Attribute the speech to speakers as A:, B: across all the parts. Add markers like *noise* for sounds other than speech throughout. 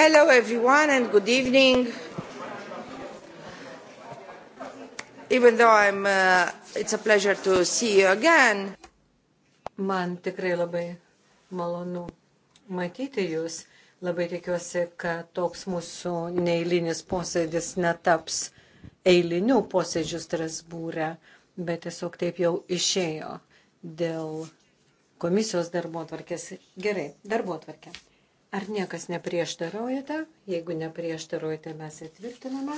A: Hello everyone and good evening. Even though I'm, uh, it's a pleasure to see you
B: again. Man tikrai labai malonu matyti jūs. Labai tikiuosi, kad toks mūsų neįlinis posėdis netaps eilinių posėdžių Strasbūrė, bet tiesiog taip jau išėjo dėl komisijos darbo atvarkės. Gerai, darbo atvarkė. Ar niekas neprieštaraujate? Jeigu neprieštaraujate, mes atvirtiname.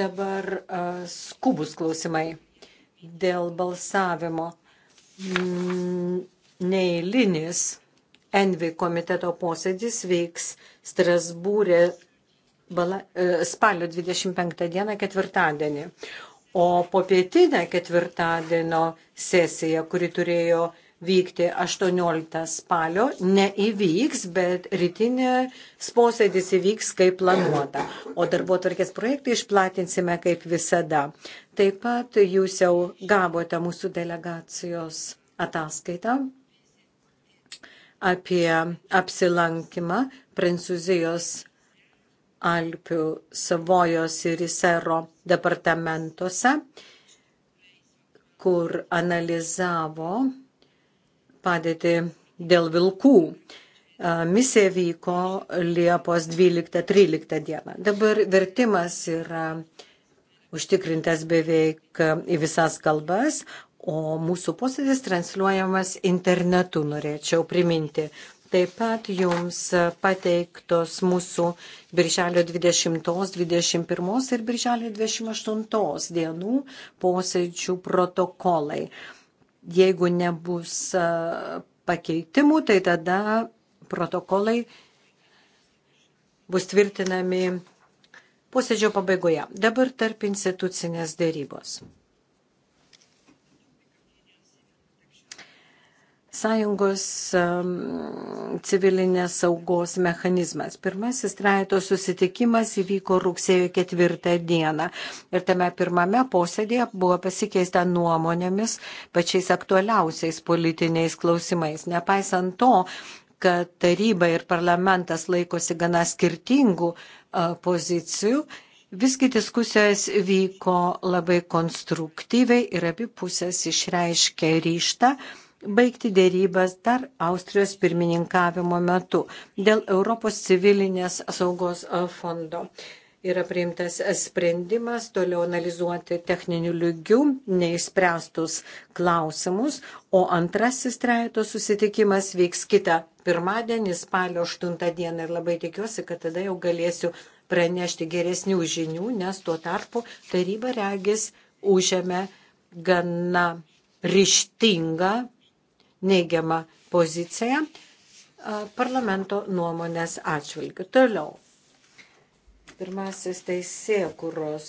B: Dabar uh, skubus klausimai dėl balsavimo. Neįlinis Envi komiteto posėdis veiks Strasbūrė bala, e, spalio 25 dieną ketvirtadienį. O popietinę ketvirtadienio sesiją, kuri turėjo vykti 18 spalio, neįvyks, bet rytinės posėdis įvyks kaip planuota. O darbo tvarkės projektą išplatinsime kaip visada. Taip pat jūs jau gavote mūsų delegacijos ataskaitą apie apsilankimą Prancūzijos Alpių Savojos ir Isero departamentuose, kur analizavo padėtį dėl vilkų. Misija vyko Liepos 12-13 dieną. Dabar vertimas yra užtikrintas beveik į visas kalbas, o mūsų posėdis transliuojamas internetu, norėčiau priminti. Taip pat jums pateiktos mūsų birželio 20, 21 ir birželio 28 dienų posėdžių protokolai. Jeigu nebus pakeitimų, tai tada protokolai bus tvirtinami posėdžio pabaigoje. Dabar tarp institucinės dėrybos. sąjungos civilinės saugos mechanizmas. Pirmasis trejato susitikimas įvyko rugsėjo ketvirtą dieną ir tame pirmame posėdėje buvo pasikeista nuomonėmis pačiais aktualiausiais politiniais klausimais. Nepaisant to, kad taryba ir parlamentas laikosi gana skirtingų e, pozicijų, Visgi diskusijos vyko labai konstruktyviai ir abi pusės išreiškė ryštą uh, baigti dėrybas dar Austrijos pirmininkavimo metu dėl Europos civilinės saugos fondo. Yra priimtas sprendimas toliau analizuoti techninių lygių neįspręstus klausimus, o antrasis trejato susitikimas vyks kitą pirmadienį, spalio 8 dieną ir labai tikiuosi, kad tada jau galėsiu pranešti geresnių žinių, nes tuo tarpu taryba regis užėmė gana ryštingą neigiamą poziciją parlamento nuomonės atšvilgių. Toliau. Pirmasis teisėkuros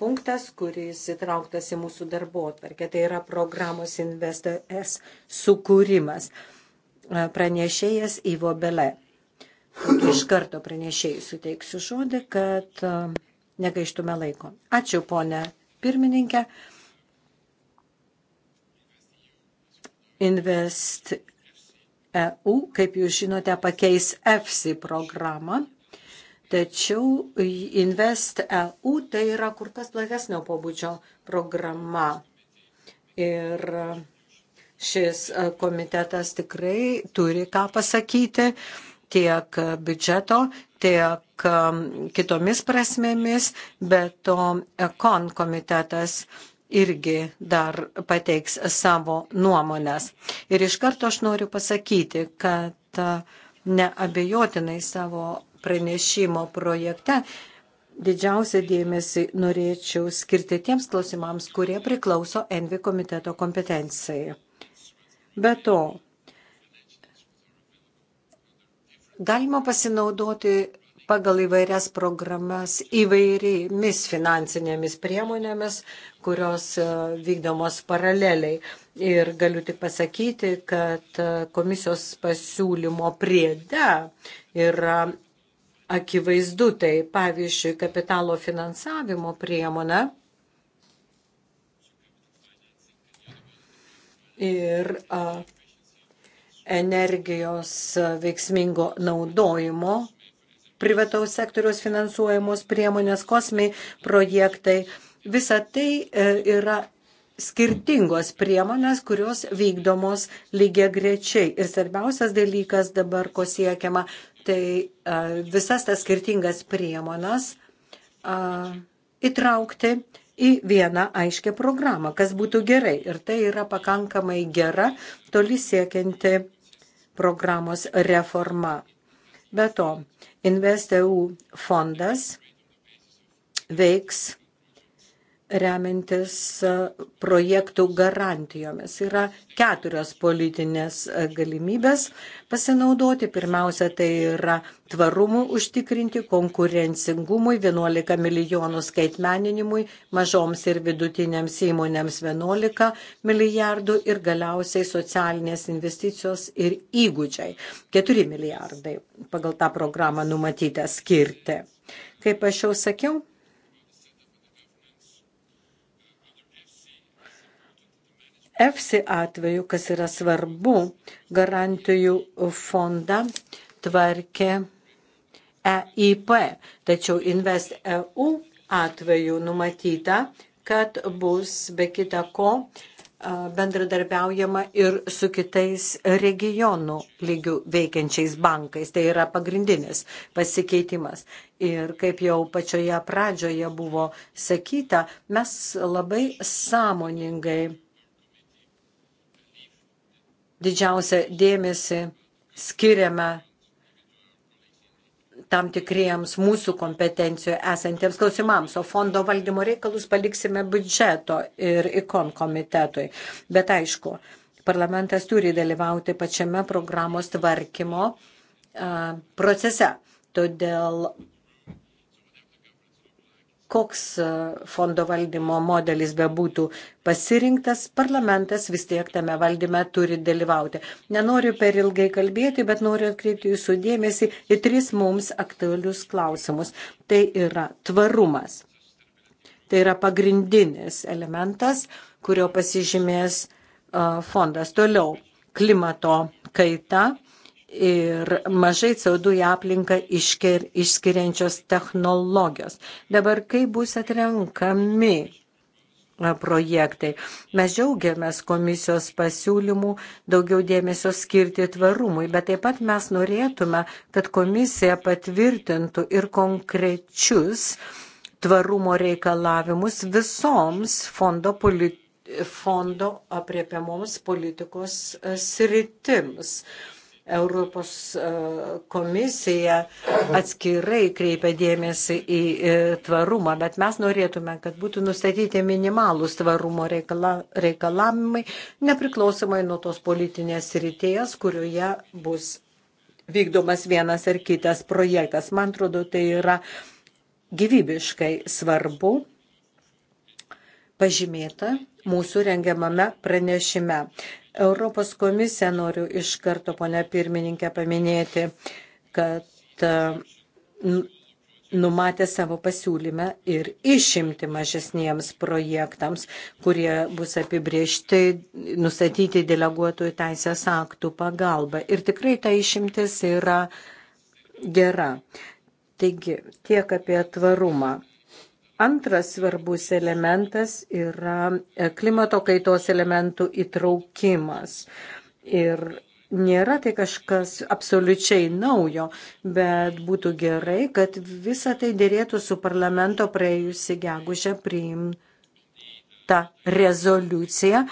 B: punktas, kuris įtrauktas į mūsų darbo atvarkę, tai yra programos InvestS sukūrimas. Pranešėjas Ivo Bele. Iš karto pranešėjai suteiksiu žodį, kad negaištume laiko. Ačiū, ponė pirmininkė. Invest EU, kaip jūs žinote, pakeis EFSI programą. Tačiau Invest EU tai yra kur kas platesnio pobūdžio programa. Ir šis komitetas tikrai turi ką pasakyti tiek biudžeto, tiek um, kitomis prasmėmis, bet to ekon komitetas irgi dar pateiks savo nuomonės. Ir iš karto aš noriu pasakyti, kad neabejotinai savo pranešimo projekte didžiausią dėmesį norėčiau skirti tiems klausimams, kurie priklauso Envi komiteto kompetencijai. Be to, galima pasinaudoti pagal įvairias programas įvairiomis finansinėmis priemonėmis, kurios e, vykdomos paraleliai. Ir galiu tik pasakyti, kad e, komisijos pasiūlymo priede yra akivaizdu, tai pavyzdžiui, kapitalo finansavimo priemonė. Ir a, energijos veiksmingo naudojimo privataus sektoriaus finansuojamos priemonės, kosmiai projektai. Visa tai e, yra skirtingos priemonės, kurios vykdomos lygiai grečiai. Ir svarbiausias dalykas dabar, ko siekiama, tai e, visas tas skirtingas priemonas e, įtraukti į vieną aiškę programą, kas būtų gerai. Ir tai yra pakankamai gera, toli siekianti programos reforma. Be to, InvestEU fondas veiks remiantis e, projektų garantijomis. Yra keturios politinės e, galimybės pasinaudoti. Pirmiausia, tai yra tvarumų užtikrinti, konkurencingumui 11 milijonų skaitmeninimui, mažoms ir vidutinėms įmonėms 11 milijardų ir galiausiai socialinės investicijos ir įgūdžiai 4 milijardai pagal tą programą numatytą skirti. Kaip aš jau sakiau, EFSI atveju, kas yra svarbu, garantijų fondą tvarkė EIP, tačiau Invest EU atveju numatyta, kad bus be kita ko bendradarbiaujama ir su kitais regionų lygių veikiančiais bankais. Tai yra pagrindinis pasikeitimas. Ir kaip jau pačioje pradžioje buvo sakyta, mes labai sąmoningai didžiausią dėmesį skiriame tam tikriems mūsų kompetencijoje esantiems klausimams, o fondo valdymo reikalus paliksime biudžeto ir ikon komitetui. Bet aišku, parlamentas turi dalyvauti pačiame programos tvarkymo procese. Todėl koks e, fondo valdymo modelis bebūtų pasirinktas, parlamentas vis tiek tame valdyme turi dalyvauti. Nenoriu per ilgai kalbėti, bet noriu atkreipti jūsų dėmesį į tris mums aktualius klausimus. Tai yra tvarumas. Tai yra pagrindinis elementas, kurio pasižymės e, fondas. Toliau klimato kaita ir mažai CO2 į aplinką išker, išskiriančios technologijos. Dabar kaip bus atrenkami projektai. Mes džiaugiamės komisijos pasiūlymų daugiau dėmesio skirti tvarumui, bet taip pat mes norėtume, kad komisija patvirtintų ir konkrečius tvarumo reikalavimus visoms fondo, politi fondo apriepiamoms politikos sritims. Uh, Europos e, komisija atskirai kreipia dėmesį į e, tvarumą, bet mes norėtume, kad būtų nustatyti minimalūs tvarumo reikala, reikalavimai, nepriklausomai nuo tos politinės ryties, kurioje bus vykdomas vienas ar kitas projektas. Man atrodo, tai yra gyvybiškai svarbu pažymėta mūsų rengiamame pranešime. Europos komisiją noriu iš karto, ponia pirmininkė, paminėti, kad e, numatė savo pasiūlymę ir išimti mažesniems projektams, kurie bus apibriežti, nustatyti deleguotojų teisės aktų pagalba. Ir tikrai ta išimtis yra gera. Taigi, tiek apie tvarumą. Antras svarbus elementas yra e, klimato kaitos elementų įtraukimas. Ir nėra tai kažkas absoliučiai naujo, bet būtų gerai, kad visa tai dėrėtų su parlamento praėjusi gegužę priimta rezoliucija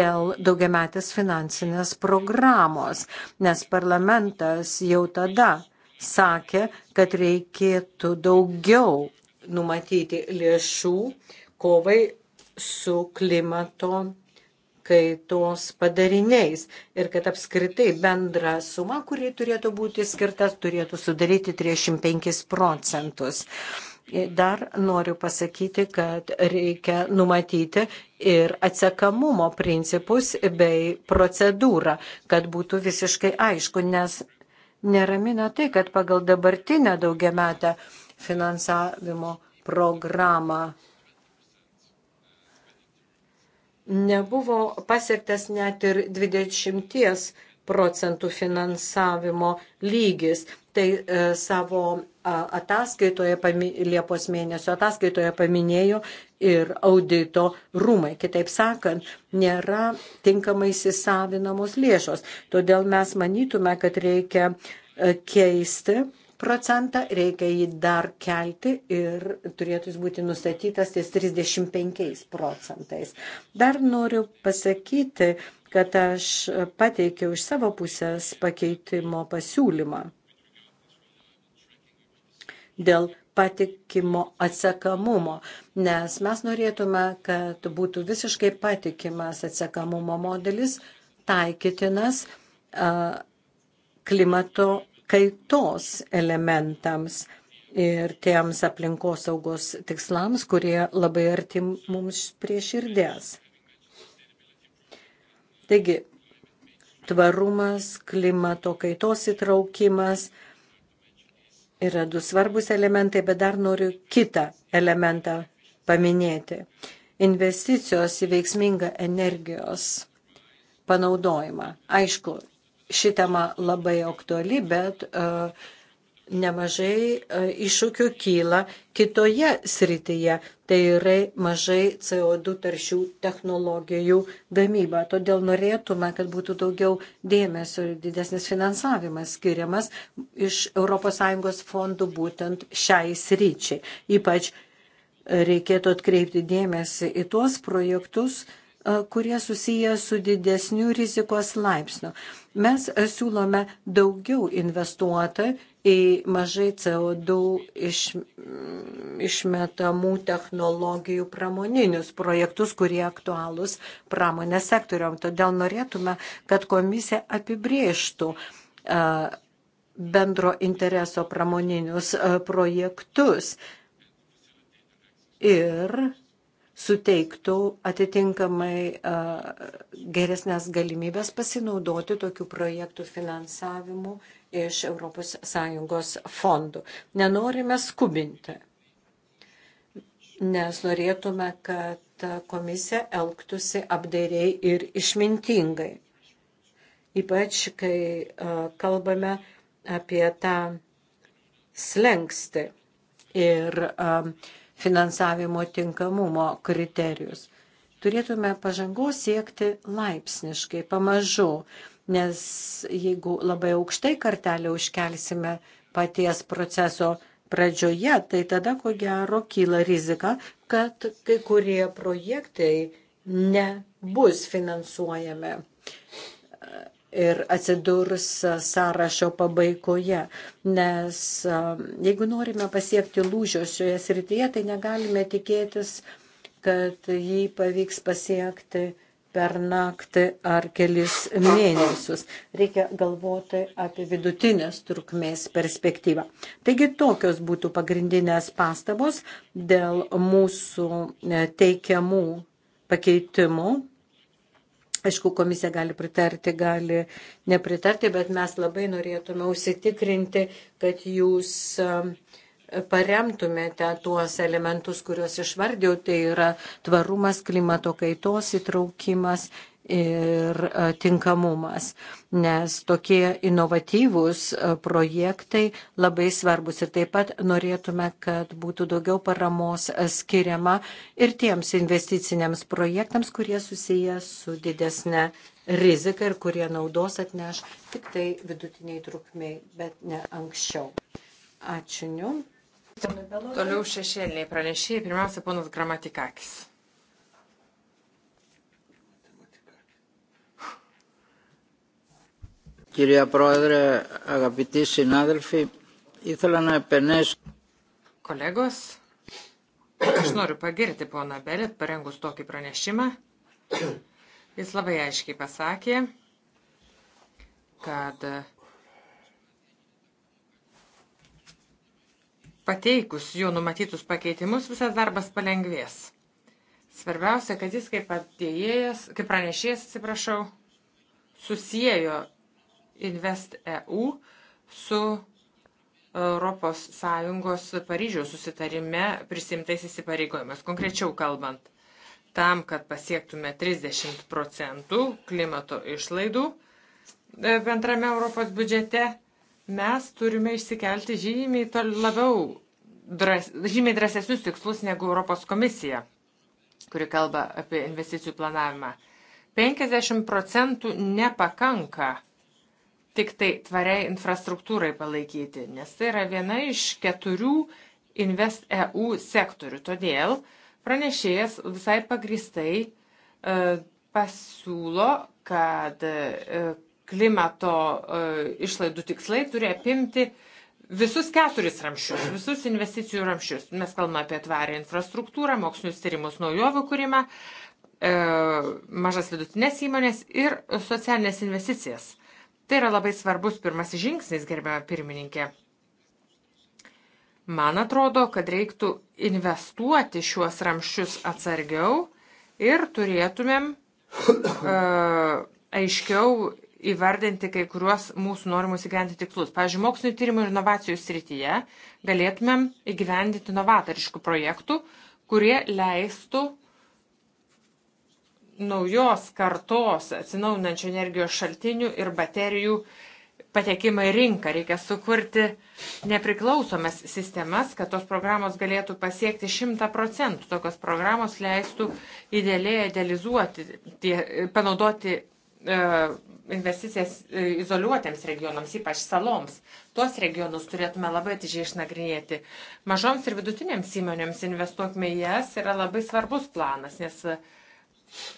B: dėl daugiametės finansinės programos, nes parlamentas jau tada sakė, kad reikėtų daugiau numatyti lėšų kovai su klimato kaitos padariniais ir kad apskritai bendra suma, kuri turėtų būti skirta, turėtų sudaryti 35 procentus. Dar noriu pasakyti, kad reikia numatyti ir atsekamumo principus bei procedūrą, kad būtų visiškai aišku, nes neramina tai, kad pagal dabartinę daugiametę metą finansavimo programą. Nebuvo pasiektas net ir 20 procentų finansavimo lygis. Tai e, savo ataskaitoje, Liepos mėnesio ataskaitoje paminėjo ir audito rūmai. Kitaip sakant, nėra tinkamai įsisavinamos lėšos. Todėl mes manytume, kad reikia e, keisti procentą, reikia jį dar kelti ir turėtų jis būti nustatytas ties 35 procentais. Dar noriu pasakyti, kad aš pateikiau iš savo pusės pakeitimo pasiūlymą dėl patikimo atsekamumo, nes mes norėtume, kad būtų visiškai patikimas atsekamumo modelis, taikytinas klimato kaitos elementams ir tiems aplinkosaugos tikslams, kurie labai arti mums prie širdies. Taigi, tvarumas, klimato kaitos įtraukimas yra du svarbus elementai, bet dar noriu kitą elementą paminėti. Investicijos į veiksmingą energijos panaudojimą. Aišku, ši tema labai aktuali, bet e, nemažai e, iššūkių kyla kitoje srityje, tai yra mažai CO2 taršių technologijų gamyba. Todėl norėtume, kad būtų daugiau dėmesio ir didesnis finansavimas skiriamas iš ES fondų būtent šiai sryčiai. Ypač reikėtų atkreipti dėmesį į tuos projektus, kurie susiję su didesniu rizikos laipsniu. Mes siūlome daugiau investuoti į mažai CO2 iš, išmetamų technologijų pramoninius projektus, kurie aktualūs pramonės sektoriom. Todėl norėtume, kad komisija apibrieštų bendro intereso pramoninius projektus ir suteiktų atitinkamai geresnės galimybės pasinaudoti tokių projektų finansavimu iš ES fondų. Nenorime skubinti, nes norėtume, kad komisija elgtųsi apdairiai ir išmintingai. Ypač, kai kalbame apie tą slengsti ir uh, finansavimo tinkamumo kriterijus. Turėtume pažangos siekti laipsniškai, pamažu, nes jeigu labai aukštai kartelę užkelsime paties proceso pradžioje, tai tada ko gero kyla rizika, kad kai kurie projektai nebus finansuojami ir atsidurs sąrašo pabaigoje. Nes jeigu norime pasiekti lūžio šioje srityje, tai negalime tikėtis, kad jį pavyks pasiekti per naktį ar kelis mėnesius. Reikia galvoti apie vidutinės trukmės perspektyvą. Taigi tokios būtų pagrindinės pastabos dėl mūsų e, teikiamų pakeitimų Aišku, komisija gali pritarti, gali nepritarti, bet mes labai norėtume užsitikrinti, kad jūs um, paremtumėte tuos elementus, kuriuos išvardėjau, tai yra tvarumas, klimato kaitos įtraukimas ir e, tinkamumas, nes tokie inovatyvūs e, projektai labai svarbus. Ir taip pat norėtume, kad būtų daugiau paramos e, skiriama ir tiems investiciniams projektams, kurie susiję su didesne rizika ir kurie naudos atneš tik tai vidutiniai trukmiai, bet ne anksčiau.
C: Ačiū. Toliau šešėliniai pranešėjai. Pirmiausia, ponas Gramatikakis.
D: Κυρία Πρόεδρε, αγαπητοί συνάδελφοι, ήθελα να επενέσω.
C: Kolegos, aš noriu pagirti poną Belit, parengus tokį pranešimą. Jis labai aiškiai pasakė, kad pateikus jų numatytus pakeitimus visas darbas palengvės. Svarbiausia, kad jis kaip atėjėjas, kaip pranešėjas, atsiprašau, susijėjo InvestEU su ES Paryžiaus susitarime prisimtais įsipareigojimas. Konkrečiau kalbant, tam, kad pasiektume 30 procentų klimato išlaidų e, bendrame Europos biudžete, mes turime išsikelti žymiai labiau, dras, žymiai drąsesnius tikslus negu Europos komisija, kuri kalba apie investicijų planavimą. 50 procentų nepakanka tik tai tvariai infrastruktūrai palaikyti, nes tai yra viena iš keturių InvestEU sektorių. Todėl pranešėjas visai pagristai e, pasiūlo, kad e, klimato e, išlaidų tikslai turi apimti visus keturis ramščius, visus investicijų ramščius. Mes kalbame apie tvarę infrastruktūrą, mokslinius tyrimus, naujovių kūrimą, mažas vidutinės įmonės ir socialinės investicijas. Tai yra labai svarbus pirmasis žingsnis, gerbiama pirmininkė. Man atrodo, kad reiktų investuoti šiuos ramščius atsargiau ir turėtumėm uh, aiškiau įvardinti kai kuriuos mūsų norimus įgyventi tikslus. Pavyzdžiui, mokslinio tyrimų ir inovacijų srityje galėtumėm įgyvendinti novatoriškų projektų, kurie leistų uh, naujos kartos atsinaujinančių energijos šaltinių ir baterijų patekimą į rinką. Reikia sukurti nepriklausomas sistemas, kad tos programos galėtų pasiekti 100 procentų. Tokios programos leistų idealiai idealizuoti, tie, panaudoti e, investicijas e, izoliuotiems regionams, ypač saloms. Tuos regionus turėtume labai atidžiai išnagrinėti. Mažoms ir vidutinėms įmonėms investuokime į jas yra labai svarbus planas, nes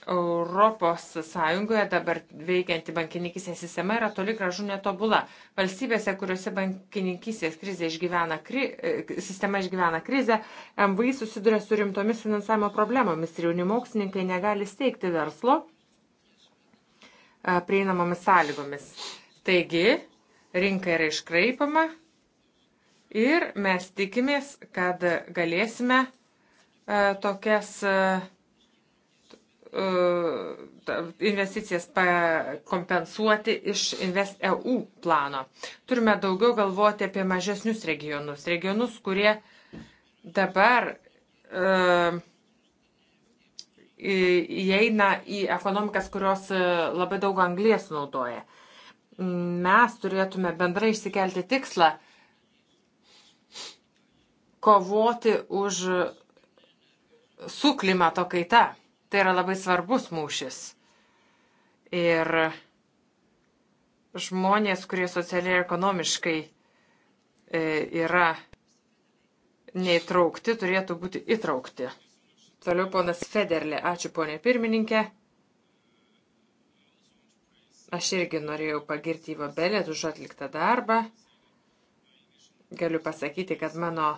C: Europos Sąjungoje dabar veikianti bankininkysės sistema yra toli gražu netobula. Valstybėse, kuriuose bankininkysės išgyvena kri, e, sistema išgyvena krizę, MVI susiduria su rimtomis finansavimo problemomis ir jauni mokslininkai negali steigti verslo e, prieinamomis sąlygomis. Taigi, rinka yra iškraipama ir mes tikimės, kad galėsime e, tokias E, investicijas kompensuoti iš InvestEU plano. Turime daugiau galvoti apie mažesnius regionus, regionus, kurie dabar uh, įeina į ekonomikas, kurios e, labai daug anglės naudoja. Mes turėtume bendrai išsikelti tikslą kovoti už su klimato kaita. Tai yra labai svarbus mūšis. Ir žmonės, kurie socialiai ir ekonomiškai e, yra neįtraukti, turėtų būti įtraukti. Toliau ponas Federlė, ačiū ponė pirmininkė. Aš irgi norėjau pagirti Ivo Belėt už atliktą darbą. Galiu pasakyti, kad mano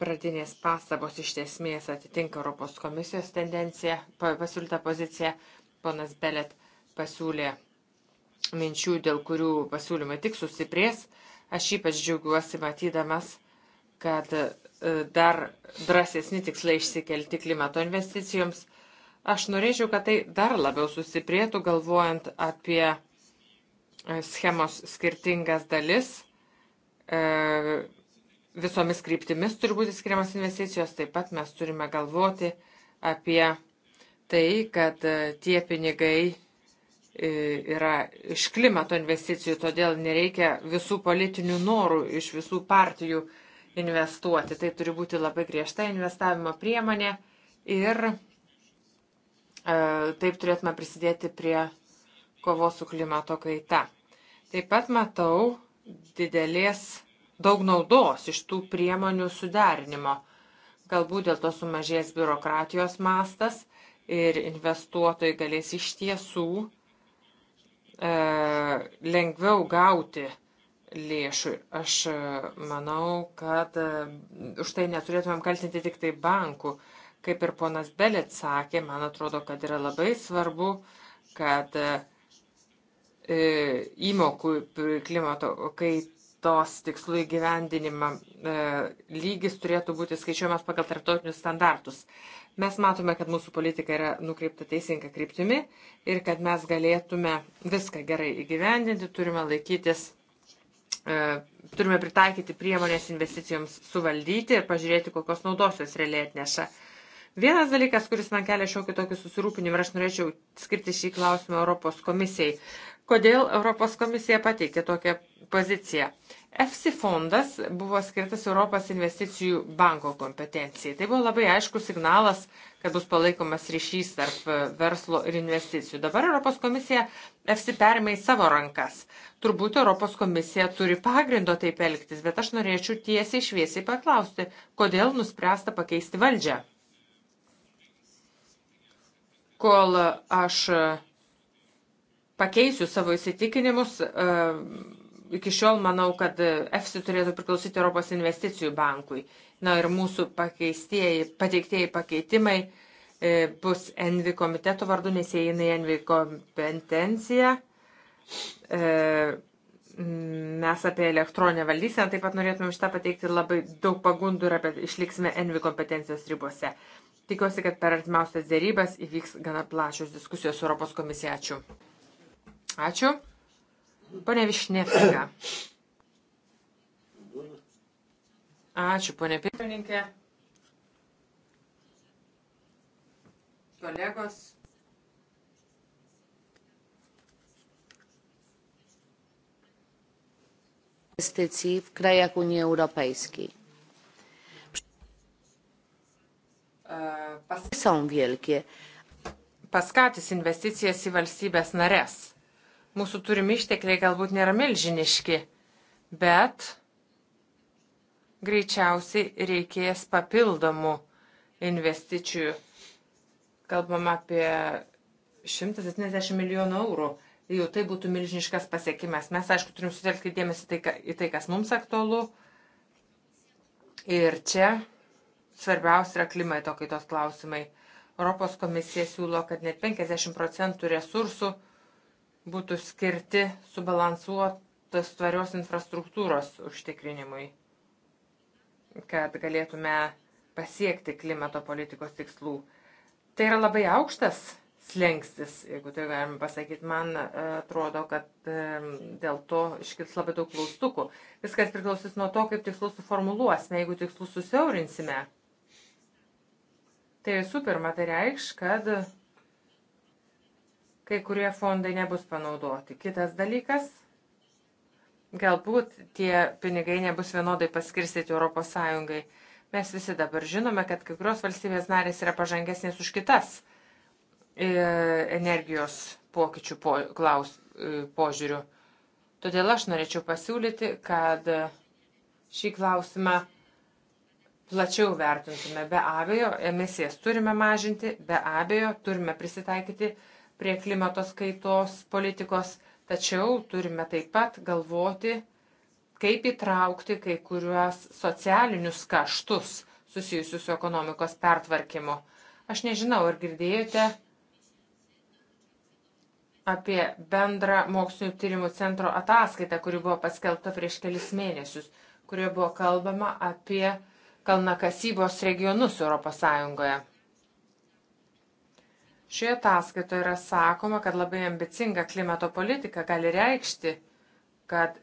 C: pradinės pastabos iš esmės atitinka Europos komisijos tendenciją, pasiūlytą poziciją. Ponas Belet pasiūlė minčių, dėl kurių pasiūlymai tik sustiprės. Aš ypač džiaugiuosi matydamas, kad e, dar drąsesni tikslai išsikelti klimato investicijoms. Aš norėčiau, kad tai dar labiau sustiprėtų, galvojant apie e, schemos skirtingas dalis e, visomis kryptimis turi būti skiriamas investicijos, taip pat mes turime galvoti apie tai, kad e, tie pinigai e, yra iš klimato investicijų, todėl nereikia visų politinių norų iš visų partijų investuoti. Tai turi būti labai griežta investavimo priemonė ir e, taip turėtume prisidėti prie kovos su klimato kaita. Taip pat matau didelės daug naudos iš tų priemonių suderinimo. Galbūt dėl to sumažės biurokratijos mastas ir investuotojai galės iš tiesų e, lengviau gauti lėšų. Aš e, manau, kad e, už tai neturėtumėm kaltinti tik tai bankų. Kaip ir ponas Belit sakė, man atrodo, kad yra labai svarbu, kad e, įmokų klimato kaip tos tikslų įgyvendinimą e, lygis turėtų būti skaičiuojamas pagal tarptautinius standartus. Mes matome, kad mūsų politika yra nukreipta teisinga kryptimi ir kad mes galėtume viską gerai įgyvendinti, turime laikytis, e, turime pritaikyti priemonės investicijoms suvaldyti ir pažiūrėti, kokios naudos jos realiai atneša. Vienas dalykas, kuris man kelia šiokį tokį susirūpinimą ir aš norėčiau skirti šį klausimą Europos komisijai. Kodėl Europos komisija pateikė tokią poziciją? EFSI fondas buvo skirtas Europos investicijų banko kompetencijai. Tai buvo labai aiškus signalas, kad bus palaikomas ryšys tarp verslo ir investicijų. Dabar Europos komisija EFSI perėmė į savo rankas. Turbūt Europos komisija turi pagrindo taip elgtis, bet aš norėčiau tiesiai šviesiai paklausti, kodėl nuspręsta pakeisti valdžią kol aš pakeisiu savo įsitikinimus, e, iki šiol manau, kad EFSI turėtų priklausyti Europos investicijų bankui. Na ir mūsų pateiktieji pakeitimai e, bus Envi komiteto vardu, nes jie eina į Envi kompetenciją. E, mes apie elektroninę valdyseną taip pat norėtume šitą pateikti labai daug pagundų ir apie išliksime Envi kompetencijos ribose. Tikiuosi, kad per artimiausias dėrybas įvyks gana plačios diskusijos su Europos komisija. Ačiū. Ačiū. Pane Višnevska. Ačiū, ponė pirmininkė. Kolegos.
A: Inwestycji w krajach Unii Europejskiej
C: paskatys investicijas į valstybės nares. Mūsų turimi ištekliai galbūt nėra milžiniški, bet greičiausiai reikės papildomų investicijų. Kalbam apie 170 milijonų eurų. Jau tai būtų milžiniškas pasiekimas. Mes, aišku, turim sutelkti dėmesį tai, į tai, kas mums aktualu. Ir čia svarbiausia yra klimato kaitos klausimai. Europos komisija siūlo, kad net 50 procentų resursų būtų skirti subalansuotas tvarios infrastruktūros užtikrinimui, kad galėtume pasiekti klimato politikos tikslų. Tai yra labai aukštas slengstis, jeigu tai galima pasakyti. Man e, atrodo, kad e, dėl to iškils labai daug klaustukų. Viskas priklausys nuo to, kaip tikslus suformuluosime. Jeigu tikslus susiaurinsime, Tai visų pirma, tai reikš, kad kai kurie fondai nebus panaudoti. Kitas dalykas, galbūt tie pinigai nebus vienodai paskirstyti ES. Mes visi dabar žinome, kad kai kurios valstybės narės yra pažangesnės už kitas e, energijos pokyčių po, klaus, e, požiūrių. Todėl aš norėčiau pasiūlyti, kad šį klausimą plačiau vertintume. Be abejo, emisijas turime mažinti, be abejo, turime prisitaikyti prie klimatos kaitos politikos, tačiau turime taip pat galvoti, kaip įtraukti kai kuriuos socialinius kaštus susijusius su ekonomikos pertvarkymu. Aš nežinau, ar girdėjote apie bendrą mokslinio tyrimų centro ataskaitą, kuri buvo paskelbta prieš kelis mėnesius, kurioje buvo kalbama apie kalnakasybos regionus ES. Šioje ataskaitoje yra sakoma, kad labai ambicinga klimato politika gali reikšti, kad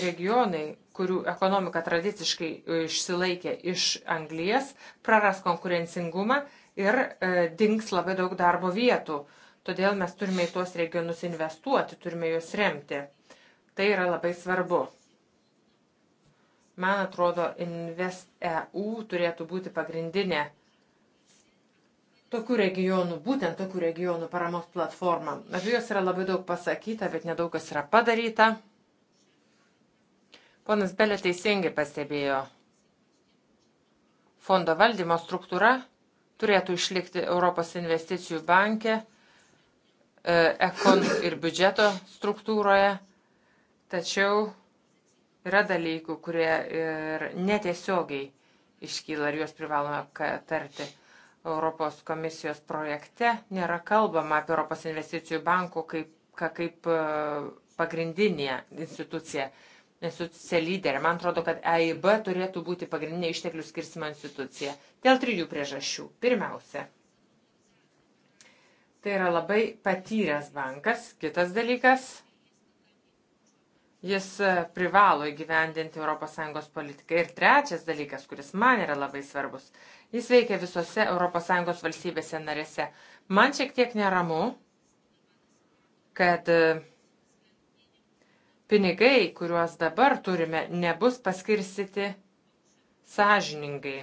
C: regionai, kurių ekonomika tradiciškai e, išsilaikė iš anglies, praras konkurencingumą ir e, dinks labai daug darbo vietų. Todėl mes turime į tuos regionus investuoti, turime juos remti. Tai yra labai svarbu. Man atrodo, InvestEU turėtų būti pagrindinė tokių regionų, būtent tokių regionų paramos platforma. Apie juos yra labai daug pasakyta, bet nedaug kas yra padaryta. Ponas Belė teisingai pastebėjo, fondo valdymo struktūra turėtų išlikti Europos investicijų banke, e, ekon ir biudžeto struktūroje, tačiau Yra dalykų, kurie ir netiesiogiai iškyla ir juos privalome tarti. Europos komisijos projekte nėra kalbama apie Europos investicijų bankų kaip, ka, kaip e, pagrindinė institucija, institucija lyderė. Man atrodo, kad EIB turėtų būti pagrindinė išteklių skirsimo institucija. Dėl trijų priežasčių. Pirmiausia, tai yra labai patyręs bankas. Kitas dalykas, Jis e, privalo įgyvendinti ES politiką. Ir trečias dalykas, kuris man yra labai svarbus, jis veikia visose ES valstybėse narėse. Man šiek tiek neramu, kad e, pinigai, kuriuos dabar turime, nebus paskirstyti sąžiningai.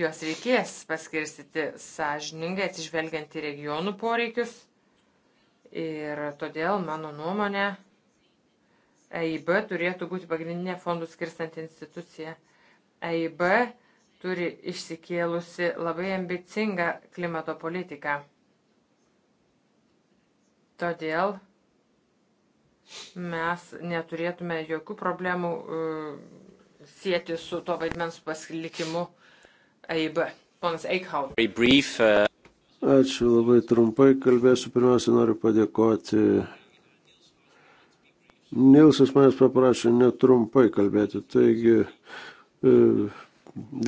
C: Juos reikės paskirstyti sąžiningai, atsižvelgiant į regionų poreikius. Ir todėl, mano nuomonė, EIB turėtų būti pagrindinė fondų skirstanti institucija. EIB turi išsikėlusi labai ambicingą klimato politiką. Todėl mes neturėtume jokių problemų uh, sieti su to vaidmens pasilikimu AIB. E Ponas Eichhau.
B: Uh,
D: Ačiū labai trumpai kalbėsiu. Pirmiausia, noriu padėkoti Nilsas manęs paprašė netrumpai kalbėti, taigi e,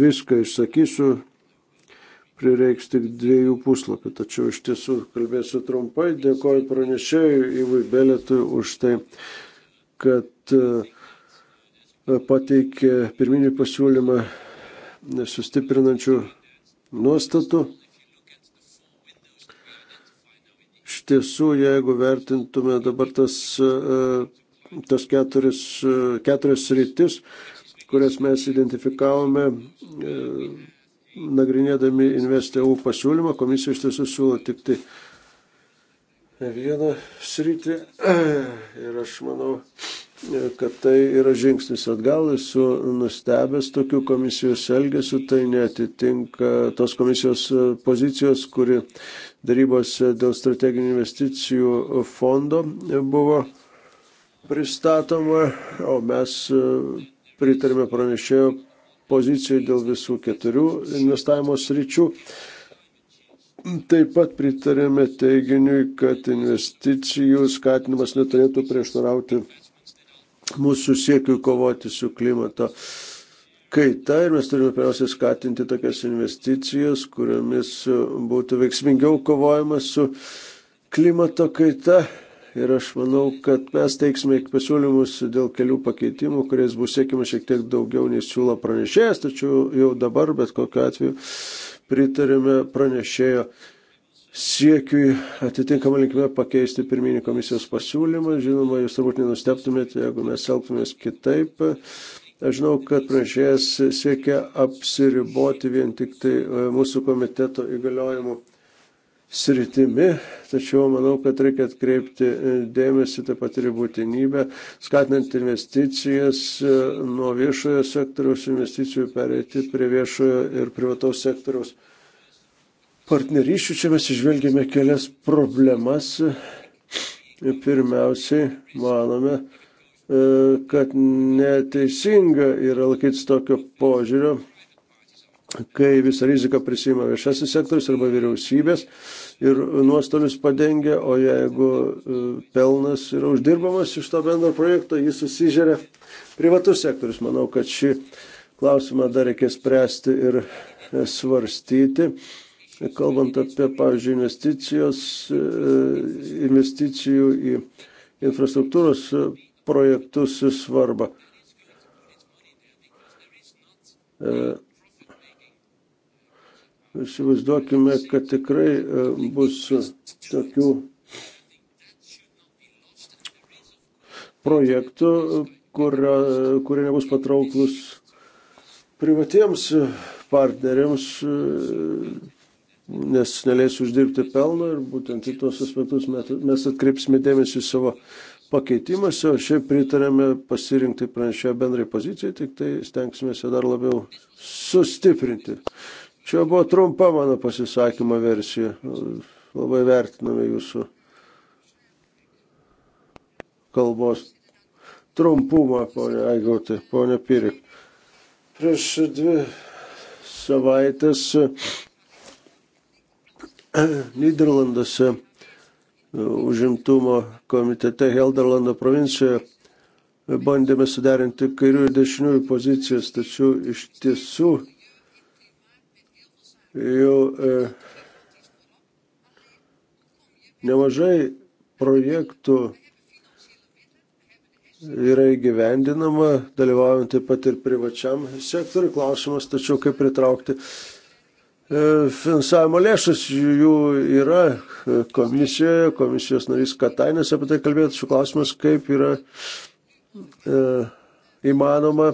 D: viską išsakysiu, prireiks tik dviejų puslapių, tačiau iš tiesų kalbėsiu trumpai. Dėkoju pranešėjui Įvui Belėtui už tai, kad e, pateikė pirminį pasiūlymą sustiprinančių nuostatų. Iš tiesų, jeigu vertintume dabar tas e, tas keturis, e, keturias rytis, kurias mes identifikavome, e, nagrinėdami InvestEU pasiūlymą, komisija iš tiesų siūlo tik tai vieną sritį *clears throat* ir aš manau, e, kad tai yra žingsnis atgal, esu nustebęs tokių komisijos elgesių, tai netitinka tos komisijos pozicijos, kuri darybose dėl strateginių investicijų fondo buvo pristatoma, o mes e, pritarėme pranešėjo pozicijai dėl visų keturių investavimo sričių. Taip pat pritarėme teiginiui, kad investicijų skatinimas neturėtų prieštarauti mūsų siekiui kovoti su klimato kaita ir mes turime pirmiausia skatinti tokias investicijas, kuriomis būtų veiksmingiau kovojama su klimato kaita ir aš manau, kad mes teiksime pasiūlymus dėl kelių pakeitimų, kuriais bus siekima šiek tiek daugiau nei siūlo pranešėjas, tačiau jau dabar bet kokiu atveju pritarėme pranešėjo siekiui atitinkamą linkmę pakeisti pirminį komisijos pasiūlymą. Žinoma, jūs turbūt nenusteptumėte, jeigu mes elgtumės kitaip. Aš žinau, kad pranešėjas siekia apsiriboti vien tik tai e, mūsų komiteto įgaliojimu sritimi, tačiau manau, kad reikia atkreipti e, dėmesį taip pat ir būtinybę, skatinant investicijas e, nuo viešojo sektoriaus investicijų perėti prie viešojo ir privataus sektoriaus partnerysčių. Čia mes išvelgėme kelias problemas. E, pirmiausiai, manome, kad neteisinga yra laikytis tokio požiūrio, kai visą riziką prisima viešasis sektorius arba vyriausybės ir nuostolius padengia, o jeigu e, pelnas yra uždirbamas iš to bendro projekto, jis susižeria privatus sektorius. Manau, kad šį klausimą dar reikės spręsti ir e, svarstyti. Kalbant apie, pavyzdžiui, investicijos, e, investicijų į infrastruktūros projektus svarbą Įsivaizduokime, kad tikrai e, bus tokių projektų, kurie, kurie nebus patrauklus privatiems partneriams, e, nes neleis uždirbti pelno ir būtent į tuos aspektus mes atkreipsime dėmesį savo pakeitimuose, o šiaip pritarėme pasirinkti pranešėjo bendrai pozicijai, tik tai stengsime ją dar labiau sustiprinti. Čia buvo trumpa mano pasisakymo versija. Labai vertiname jūsų kalbos trumpumą, ponė Aigautai, ponė Pirik. Prieš dvi savaitės Niderlanduose užimtumo komitete Helderlando provincijoje bandėme suderinti kairių ir dešiniųjų pozicijas, tačiau iš tiesų jau e, nemažai projektų yra įgyvendinama, dalyvaujant taip pat ir privačiam sektoriui klausimas, tačiau kaip pritraukti e, finansavimo lėšas, jų yra e, komisijoje, komisijos narys Katainės apie tai kalbėtų, šių klausimas, kaip yra e, įmanoma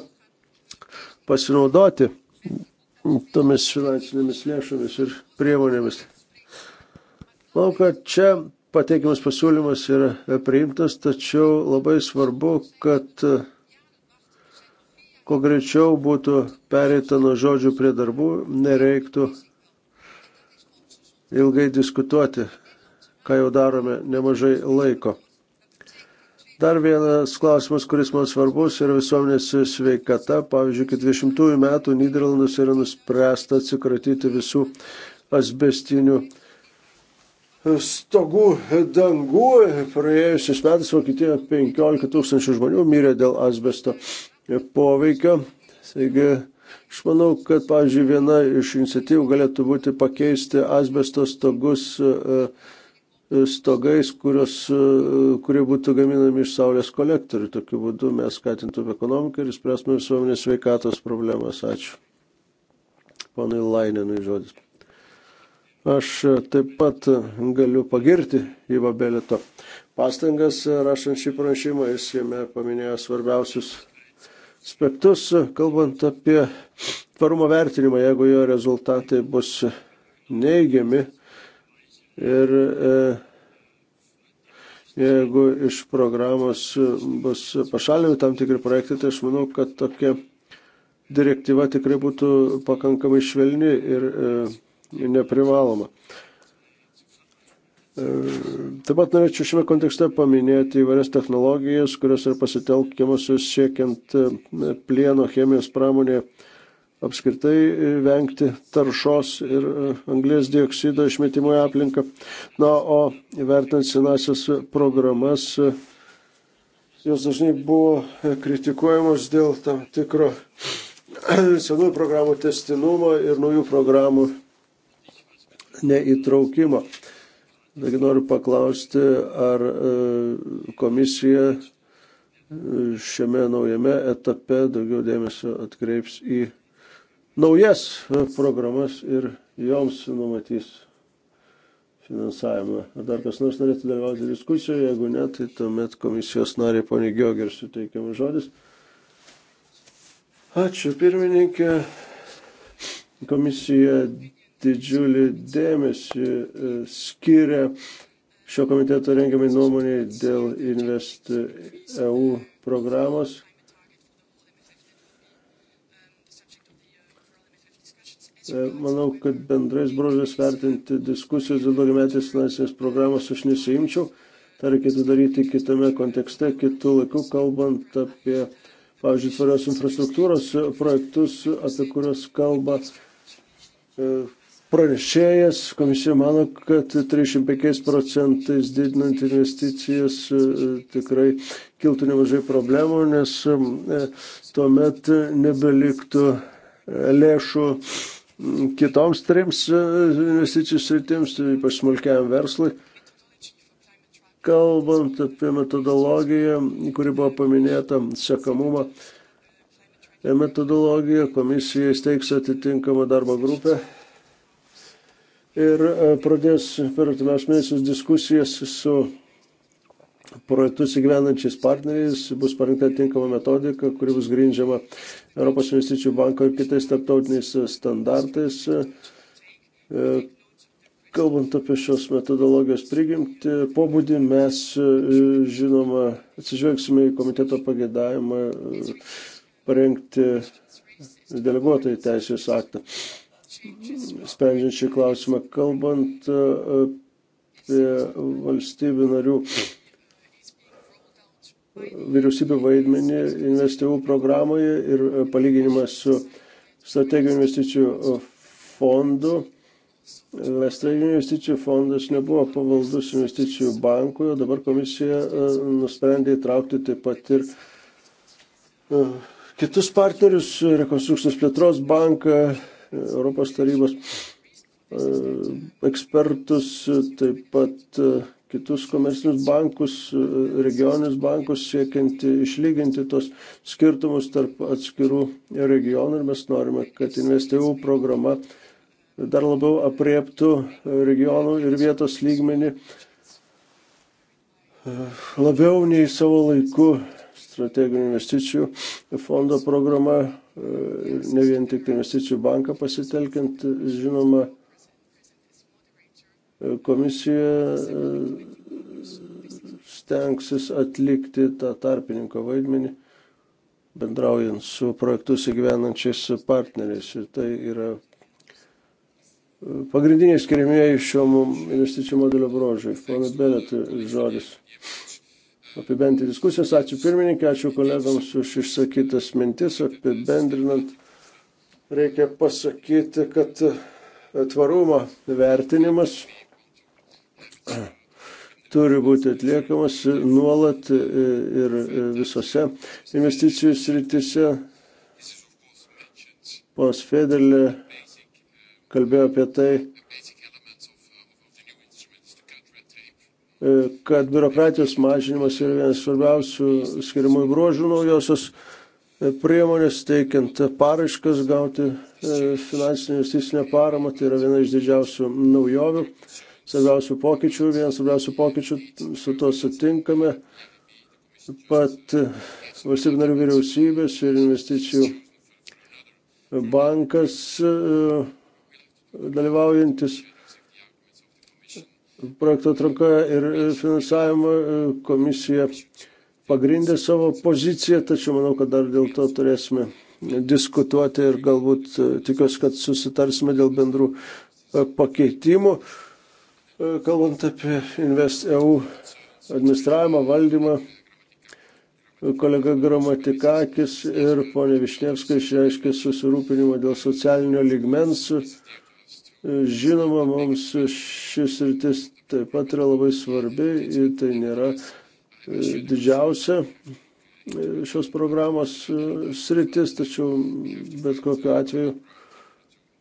D: pasinaudoti tomis finansinėmis lėšomis ir priemonėmis. Manau, kad čia pateikiamas pasiūlymas yra priimtas, tačiau labai svarbu, kad e, kuo greičiau būtų pereita nuo žodžių prie darbų, nereiktų ilgai diskutuoti, ką jau darome nemažai laiko. Dar vienas klausimas, kuris man svarbus, yra visuomenės sveikata. Pavyzdžiui, iki 20 metų Niderlandus yra nuspręsta atsikratyti visų asbestinių stogų dangų. Praėjusiais metais Vokietijoje 15 tūkstančių žmonių mirė dėl asbesto poveikio. Taigi, aš manau, kad, pavyzdžiui, viena iš iniciatyvų galėtų būti pakeisti asbesto stogus. Uh, E, stogais, kurios, e, kurie būtų gaminami iš saulės kolektorių. Tokiu būdu mes skatintume ekonomiką ir spręstume visuomenės veikatos problemas. Ačiū. Panai Laininui žodis. Aš e, taip pat galiu pagirti Ivo Belito pastangas rašant šį pranešimą. Jis jame paminėjo svarbiausius aspektus, kalbant apie tvarumo vertinimą, jeigu jo rezultatai bus neigiami Ir e, jeigu iš programos bus pašalinti tam tikri projektai, tai aš manau, kad tokia direktyva tikrai būtų pakankamai švelni ir e, neprivaloma. E, taip pat norėčiau šiame kontekste paminėti įvairias technologijas, kurios yra pasitelkiamas siekiant e, plieno chemijos pramonėje apskritai e, vengti taršos ir e, anglės dioksido išmetimo į aplinką. Na, o vertinant senasias programas, e, jos dažnai buvo kritikuojamos dėl tam tikro *clears throat* senų programų testinumo ir naujų programų neįtraukimo. Taigi noriu paklausti, ar komisija šiame naujame etape daugiau dėmesio atkreips į naujas e, programas ir joms numatys finansavimą. Ar dar kas nors norėtų dalyvauti diskusijoje, jeigu ne, tai tuomet komisijos narė ponė Gioger suteikiamas žodis. Ačiū pirmininkė. Komisija didžiulį dėmesį e, skiria šio komiteto rengiamai nuomonė dėl Invest EU programos E, manau, kad bendrais brožės vertinti diskusijos dėl daugiametės finansinės programos aš nesijimčiau. Tai reikėtų daryti kitame kontekste, kitų laikų, kalbant apie, pavyzdžiui, tvarios infrastruktūros projektus, apie kuriuos kalba e, pranešėjas. Komisija mano, kad 35 procentais didinant investicijas e, tikrai kiltų nemažai problemų, nes tuomet nebeliktų lėšų kitoms trims e, investicijų sritims, tai ypač smulkiam verslui. Kalbant apie metodologiją, kuri buvo paminėta, sekamumą, e, metodologiją, komisija įsteigs atitinkamą darbo grupę ir e, pradės per artimiausius mėnesius diskusijas su projektus įgyvenančiais partneriais bus parinkta tinkama metodika, kuri bus grindžiama Europos investicijų banko ir kitais tarptautiniais standartais. E, kalbant apie šios metodologijos prigimti, pobūdį mes, e, žinoma, atsižvelgsime į komiteto pagėdavimą e, parengti deleguotojų teisės aktą. Sprendžiant šį klausimą, kalbant apie valstybių narių vyriausybių vaidmenį investivų programoje ir e, palyginimas su strateginių investicijų e, fondu. Strateginių investicijų fondas nebuvo pavaldus investicijų bankui, o dabar komisija e, nusprendė įtraukti taip pat ir kitus partnerius, rekonstrukcijos plėtros banką, Europos tarybos ekspertus, taip pat kitus komercinius bankus, regioninius bankus, siekiant išlyginti tos skirtumus tarp atskirų regionų ir mes norime, kad investijų programa dar labiau apriektų regionų ir vietos lygmenį labiau nei savo laiku strateginių investicijų fondo programa e, ir ne vien tik investicijų banką pasitelkiant, žinoma, Komisija e, stengsis atlikti tą tarpininko vaidmenį, bendraujant su projektus įgyvenančiais partneriais. Ir tai yra e, pagrindiniai skirmieji šio investicijų modelio brožai. Pana Beletui žodis. Apibendrinti diskusijas. Ačiū pirmininkai, ačiū kolegams už išsakytas mintis. Apibendrinant, reikia pasakyti, kad tvarumo vertinimas *clears throat* turi būti atliekamas nuolat e, ir e, visose investicijų sritise. Pas Federlė kalbėjo apie tai, e, kad biurokratijos mažinimas yra vienas svarbiausių skiriamųjų bruožų naujosios priemonės, teikiant paraiškas gauti finansinę investicinę paramą, tai yra viena iš didžiausių naujovių svarbiausių pokyčių, vienas svarbiausių pokyčių, su to sutinkame, pat e, valstybių narių vyriausybės ir investicijų bankas e, dalyvaujantis projekto atrankoje ir finansavimo e, komisija pagrindė savo poziciją, tačiau manau, kad dar dėl to turėsime diskutuoti ir galbūt tikiuosi, kad susitarsime dėl bendrų pakeitimų. Kalbant apie InvestEU administravimą, valdymą, kolega Gramatikakis ir ponė Višnievska išreiškė susirūpinimą dėl socialinio ligmens. Žinoma, mums šis rytis taip pat yra labai svarbi ir tai nėra e, didžiausia e, šios programos e, sritis, tačiau bet kokiu atveju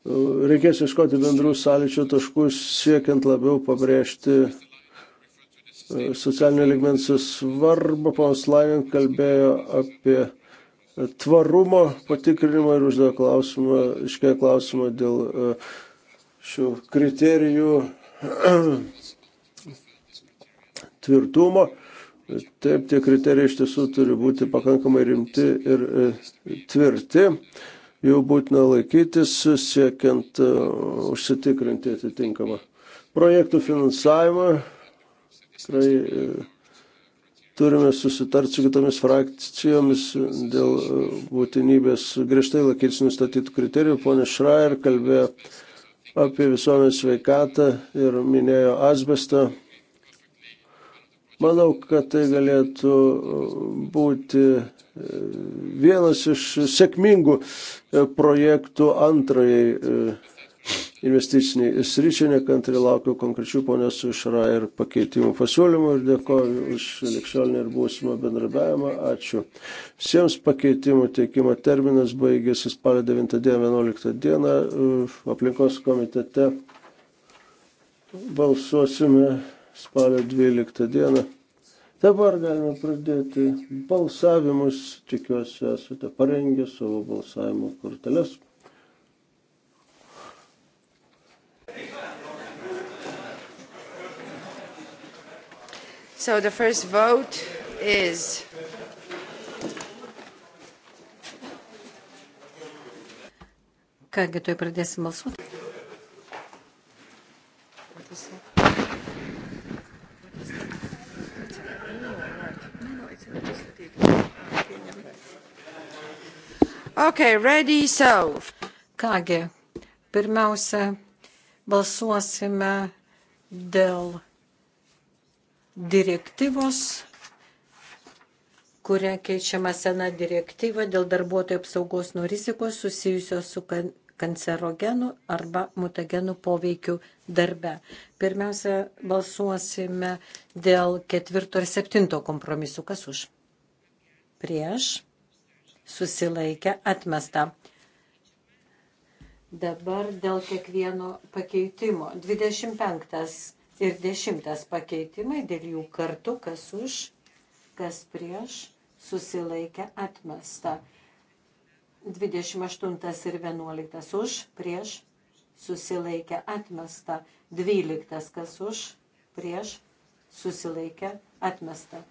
D: reikės iškoti bendrų sąlyčio taškų, siekiant labiau pabrėžti e, socialinio ligmens svarbą. Ponas Lainin kalbėjo apie tvarumo patikrinimą ir uždavė klausimą, iškėlė klausimą dėl e, šių kriterijų *clears throat* tvirtumo. Taip, tie kriterijai iš tiesų turi būti pakankamai rimti ir e, tvirti jų būtina laikytis, siekiant e, užsitikrinti atitinkamą projektų finansavimą. Tikrai e, turime susitart su kitomis frakcijomis dėl e, būtinybės griežtai laikytis nustatytų kriterijų. Pone Šrair kalbėjo apie visuomenės sveikatą ir minėjo asbestą. Manau, kad tai galėtų būti vienas iš sėkmingų e, projektų antrajai e, investiciniai sryčiai, nekantri laukiu konkrečių ponės išra ir pakeitimų pasiūlymų ir dėkoju už likščiolinį ir būsimą bendrabiavimą. Ačiū. Visiems pakeitimų teikimo terminas baigėsi spalio 9 dieną, 11 dieną e, aplinkos komitete. Balsuosime spalio 12 dieną. Dabar galime pradėti balsavimus. Tikiuosi, esate parengę savo balsavimo korteles.
C: So the first vote is
B: Kągi, tuoj pradėsim balsuoti.
C: Okay, ready, so.
B: Kągi, pirmiausia, balsuosime dėl direktyvos, kuria keičiama sena direktyva dėl darbuotojų apsaugos nuo rizikos susijusios su kancerogenų arba mutagenų poveikių darbe. Pirmiausia, balsuosime dėl ketvirto ir septinto kompromisų. Kas už? Prieš susilaikė atmesta. Dabar dėl kiekvieno pakeitimo. 25 ir 10 pakeitimai, dėl jų kartu, kas už, kas prieš, susilaikė atmesta. 28 ir 11 už, prieš, susilaikė atmesta. 12 kas už, prieš, susilaikė atmesta.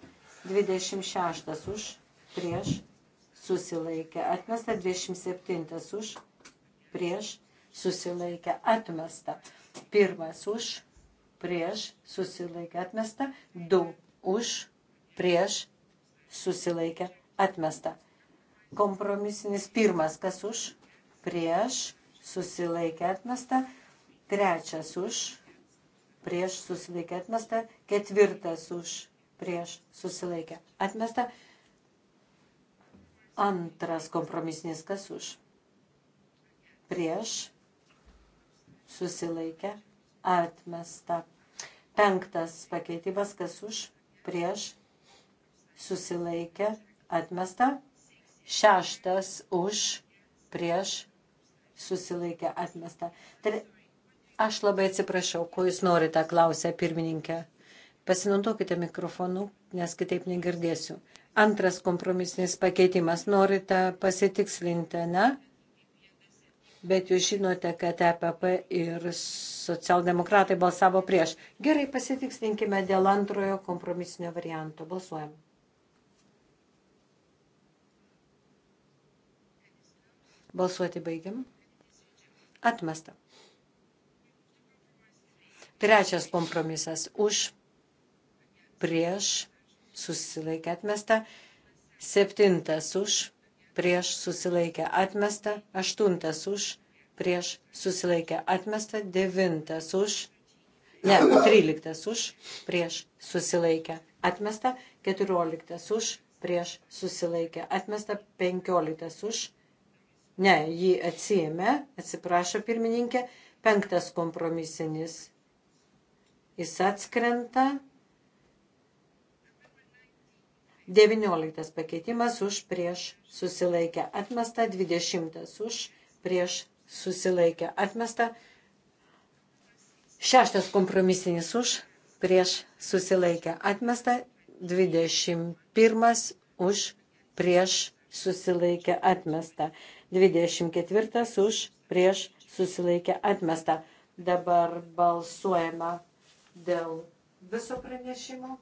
B: 26 už, prieš, susilaikė, atmesta 27 už, prieš, susilaikė, atmesta. Pirmas už, prieš, susilaikė, atmesta. Du už, prieš, susilaikė, atmesta. Kompromisinis pirmas, kas už, prieš, susilaikė, atmesta. Trečias už, prieš, susilaikė, atmesta. Ketvirtas už, prieš, susilaikė, atmesta. Antras kompromisinis kas už. Prieš susilaikę atmesta. Penktas pakeitimas kas už. Prieš susilaikę atmesta. Šeštas už. Prieš susilaikę atmesta. Tai aš labai atsiprašau, ko jūs norite, klausė pirmininkė. Pasinaudokite mikrofonu, nes kitaip negirdėsiu. Antras kompromisinis pakeitimas. Norite pasitikslinti, ne? Bet jūs žinote, kad EPP ir socialdemokratai balsavo prieš. Gerai, pasitikslinkime dėl antrojo kompromisinio varianto. Balsuojam. Balsuoti baigiam. Atmesta. Trečias kompromisas už, prieš, susilaikė atmesta, septintas už, prieš susilaikė atmesta, aštuntas už, prieš susilaikė atmesta, devintas už, ne, tryliktas už, prieš susilaikė atmesta, keturioliktas už, prieš susilaikė atmesta, penkioliktas už, ne, jį atsijėmė, atsiprašo pirmininkė, penktas kompromisinis. Jis atskrenta, 19 pakeitimas už prieš susilaikę atmesta, 20 už prieš susilaikę atmesta, 6 kompromisinis už prieš susilaikę atmesta, 21 už prieš susilaikę atmesta, 24 už prieš susilaikę atmesta. Dabar balsuojame dėl viso pranešimo.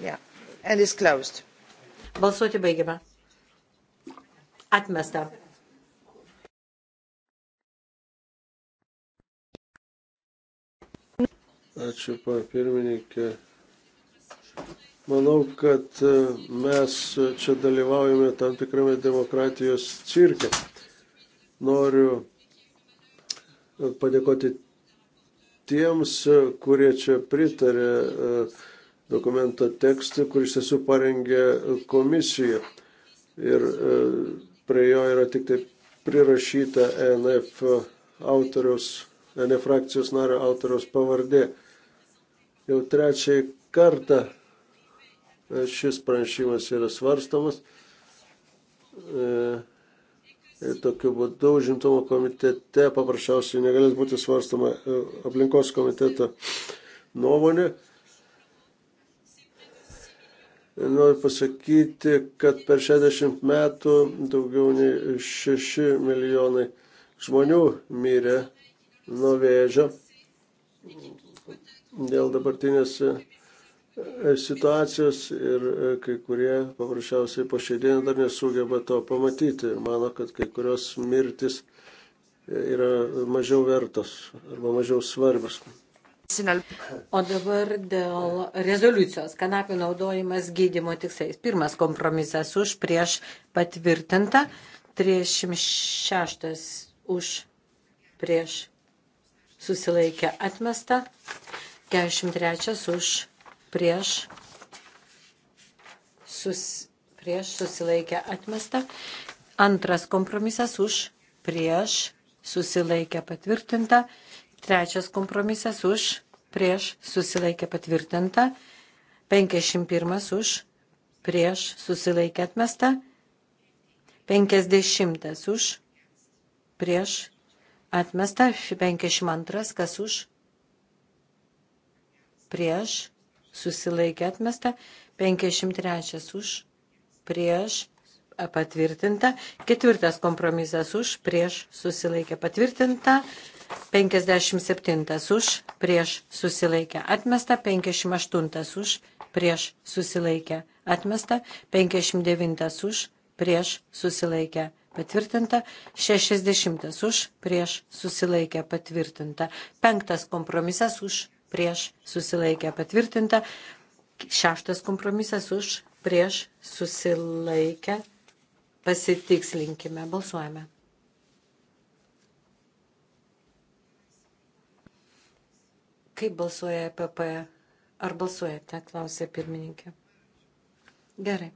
A: Yeah. And is closed. Balsuoti baigiame. Atmesta.
D: Ačiū, pa pirmininkė. Manau, kad e, mes čia dalyvaujame tam tikrame demokratijos cirke. Noriu padėkoti tiems, e, kurie čia pritarė e, dokumento tekstui, kur iš tiesų parengė e, komisija. Ir prie jo yra tik tai prirašyta ENF autoriaus, ENF frakcijos nario autoriaus pavardė. Jau trečiai kartą šis pranešimas yra svarstamas. E, Tokiu būdu užimtumo komitete paprasčiausiai negalės būti svarstama e, aplinkos komiteto nuomonė. Noriu pasakyti, kad per 60 metų daugiau nei 6 milijonai žmonių mirė nuo vėžio dėl dabartinės E, situacijas ir e, kai kurie paprasčiausiai po šiandien dar nesugeba to pamatyti ir mano, kad kai kurios mirtis e, yra mažiau vertos arba mažiau svarbios.
B: O dabar dėl rezoliucijos. Kanapių naudojimas gydimo tikslais. Pirmas kompromisas už prieš patvirtinta, 36 už prieš susilaikę atmesta, 43 už prieš, sus, prieš susilaikę atmestą. Antras kompromisas už prieš susilaikę patvirtintą. Trečias kompromisas už prieš susilaikę patvirtintą. 51 už prieš susilaikę atmestą. 50 už prieš atmestą. 52 kas už prieš susilaikė atmesta, 503 už, prieš patvirtinta, ketvirtas kompromisas už, prieš susilaikė patvirtinta, 57 už, prieš susilaikė atmesta, 58 už, prieš susilaikė atmesta, 59 už, prieš susilaikė patvirtinta, 60 už, prieš susilaikė patvirtinta, penktas kompromisas už, prieš susilaikę patvirtinta. Šeštas kompromisas už prieš susilaikę pasitikslinkime. Balsuojame. Kaip balsuoja PP? E Ar balsuojate? Klausė pirmininkė. Gerai.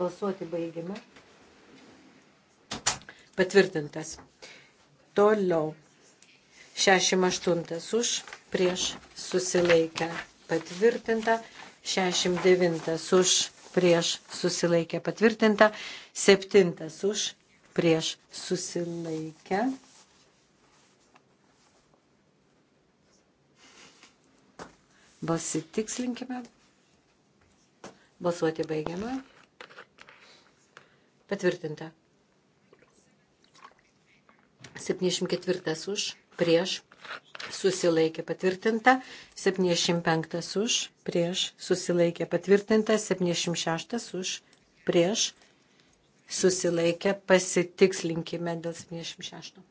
B: Balsuoti baigime. Patvirtintas. Toliau. 68 už, prieš susilaikę patvirtinta, 69 už, prieš susilaikę patvirtinta, 7 už, prieš susilaikę. Balsitikslinkime. Balsuoti baigiame. Patvirtinta. 74 už prieš susilaikė patvirtinta, 75 už, prieš susilaikė patvirtinta, 76 už, prieš susilaikė pasitikslinkime dėl 76.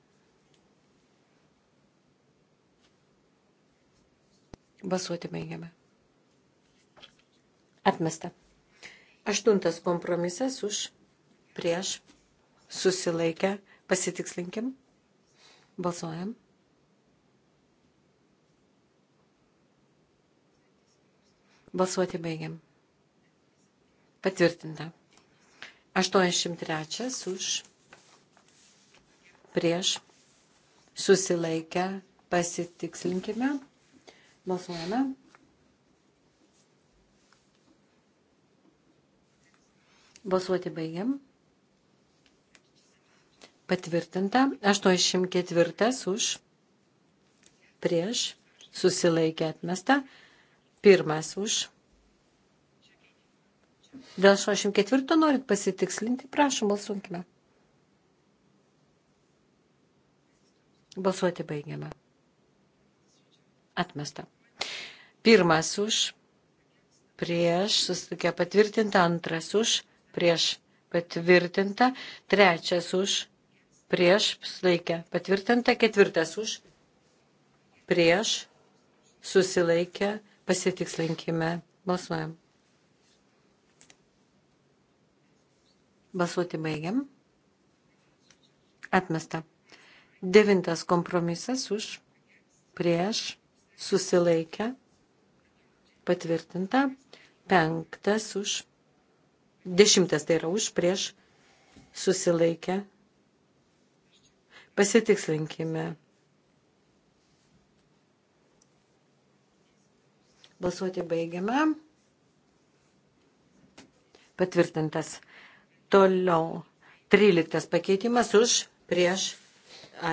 B: Basuoti baigiame. Atmesta. Aštuntas kompromisas už prieš susilaikę. Pasitikslinkim. Balsuojam. Balsuoti baigiam. Patvirtinta. 83 už prieš susilaikę pasitikslinkime. Balsuojame. Balsuoti baigiam. Patvirtinta. 84 už prieš susilaikę atmesta už. Dėl 64 norit pasitikslinti, prašom, balsuokime. Balsuoti baigiame. Atmesta. Pirmas už, prieš, susitikė patvirtinta, antras už, prieš, patvirtinta, trečias už, prieš, susilaikė, patvirtinta, ketvirtas už, prieš, susilaikė, patvirtinta Pasitikslinkime. Balsuojam. Balsuoti baigiam. Atmesta. Devintas kompromisas už prieš susilaikę patvirtinta. Penktas už dešimtas tai yra už prieš susilaikę. Pasitikslinkime. Balsuoti baigiame. Patvirtintas. Toliau. 13 pakeitimas už prieš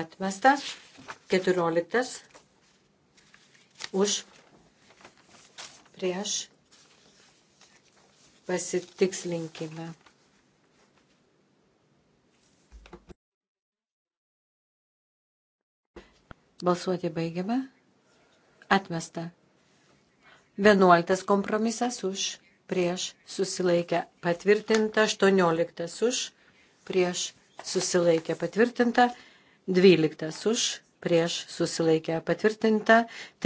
B: atmestas. 14 už
A: prieš pasitikslinkime. Balsuoti baigiame. Atmesta.
B: 11 kompromisas už, prieš susilaikę patvirtinta, 18 už, prieš susilaikę patvirtinta, 12 už, prieš susilaikę patvirtinta,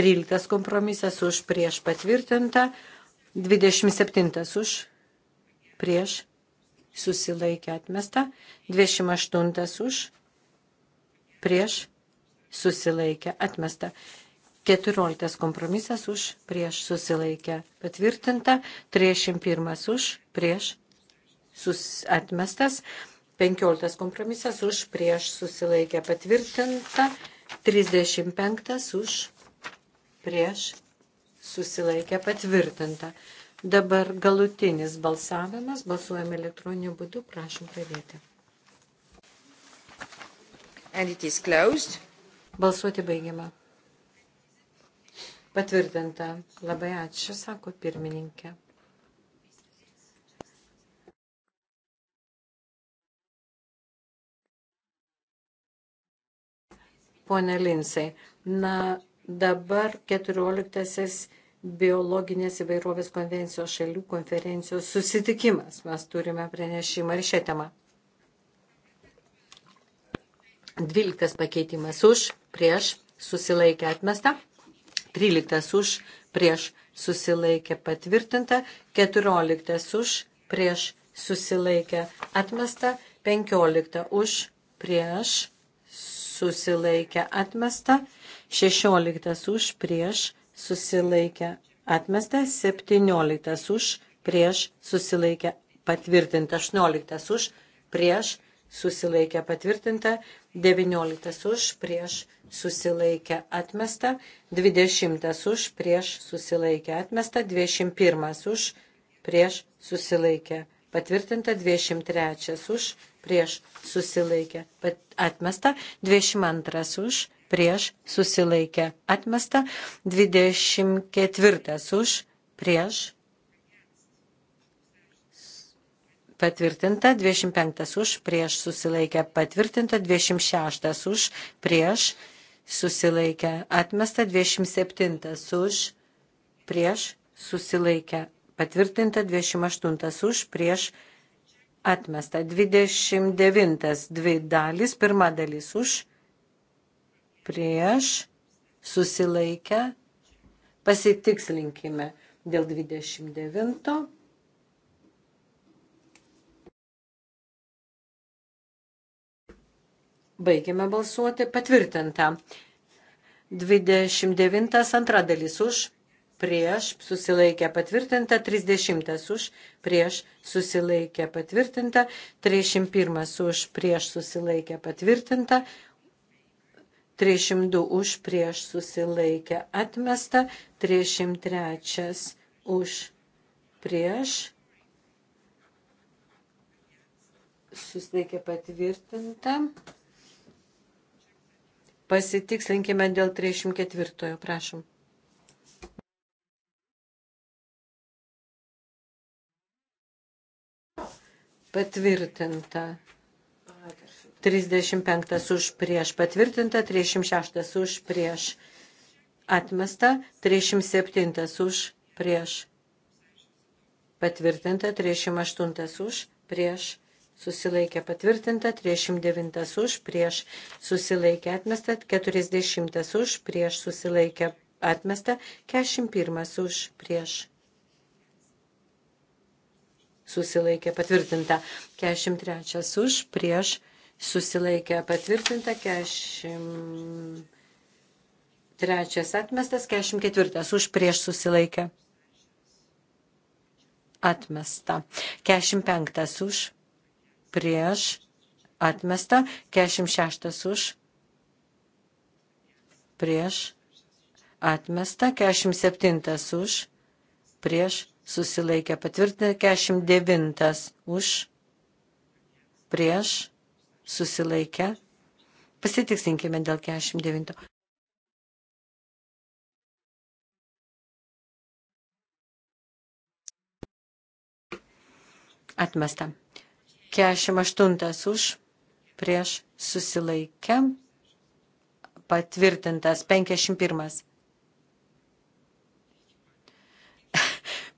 B: 13 kompromisas už, prieš patvirtinta, 27 už, prieš susilaikę atmesta, 28 už, prieš susilaikę atmesta, 14 kompromisas už prieš susilaikę patvirtinta, 31 už prieš sus, atmestas, 15 kompromisas už prieš susilaikę patvirtinta, 35 už prieš susilaikę patvirtinta. Dabar galutinis balsavimas, balsuojame elektroniniu būdu, prašom pradėti. And it is closed. Balsuoti baigiama. Patvirtinta.
A: Labai ačiū, sako pirmininkė. Pone Linsai, na dabar 14
B: biologinės įvairovės konvencijos šalių konferencijos susitikimas. Mes turime pranešimą ir šią temą. 12 pakeitimas už, prieš, susilaikę atmestą. 13 už, prieš susilaikė patvirtinta, 14 už, prieš susilaikė atmesta, 15 už, prieš susilaikė atmesta, 16 už, prieš susilaikė atmesta, 17 už, prieš susilaikė patvirtinta, 18 už, prieš susilaikė patvirtinta, 19 už prieš susilaikę atmestą, 20 už prieš susilaikę atmestą, 21 už prieš susilaikę patvirtinta, 23 už prieš susilaikę atmestą, 22 už prieš susilaikę atmestą, 24 už prieš patvirtinta, 25 už, prieš susilaikę patvirtinta, 26 už, prieš susilaikę atmesta, 27 už, prieš susilaikę patvirtinta, 28 už, prieš atmesta, 29 dvi dalis, pirma dalis už, prieš susilaikę pasitikslinkime
A: dėl 29. Baigiame balsuoti. Patvirtinta. 29 antra dalis už,
B: prieš, susilaikė patvirtinta. 30 už, prieš, susilaikė patvirtinta. 31 už, prieš, susilaikė patvirtinta. 302 už, prieš, susilaikė atmesta. 303 už, prieš, susilaikė patvirtinta.
A: Pasitikslinkime dėl 34. Prašom. Patvirtinta. 35 už prieš
B: patvirtinta, 36 už prieš atmesta, 37 už prieš patvirtinta, 38 už prieš susilaikė patvirtinta, 39 už, prieš susilaikė atmesta, 40 už, prieš susilaikė atmesta, 41 už, prieš susilaikė patvirtinta, 43 už, prieš susilaikė patvirtinta, 43 atmestas, 44 už, prieš susilaikė atmesta, 45 už prieš atmesta, 46 už prieš atmesta, 47 už prieš susilaikę patvirtinta, 49 už
A: prieš susilaikę. Pasitiksinkime dėl 49. Atmesta. 48 už, prieš susilaikę,
B: patvirtintas 51.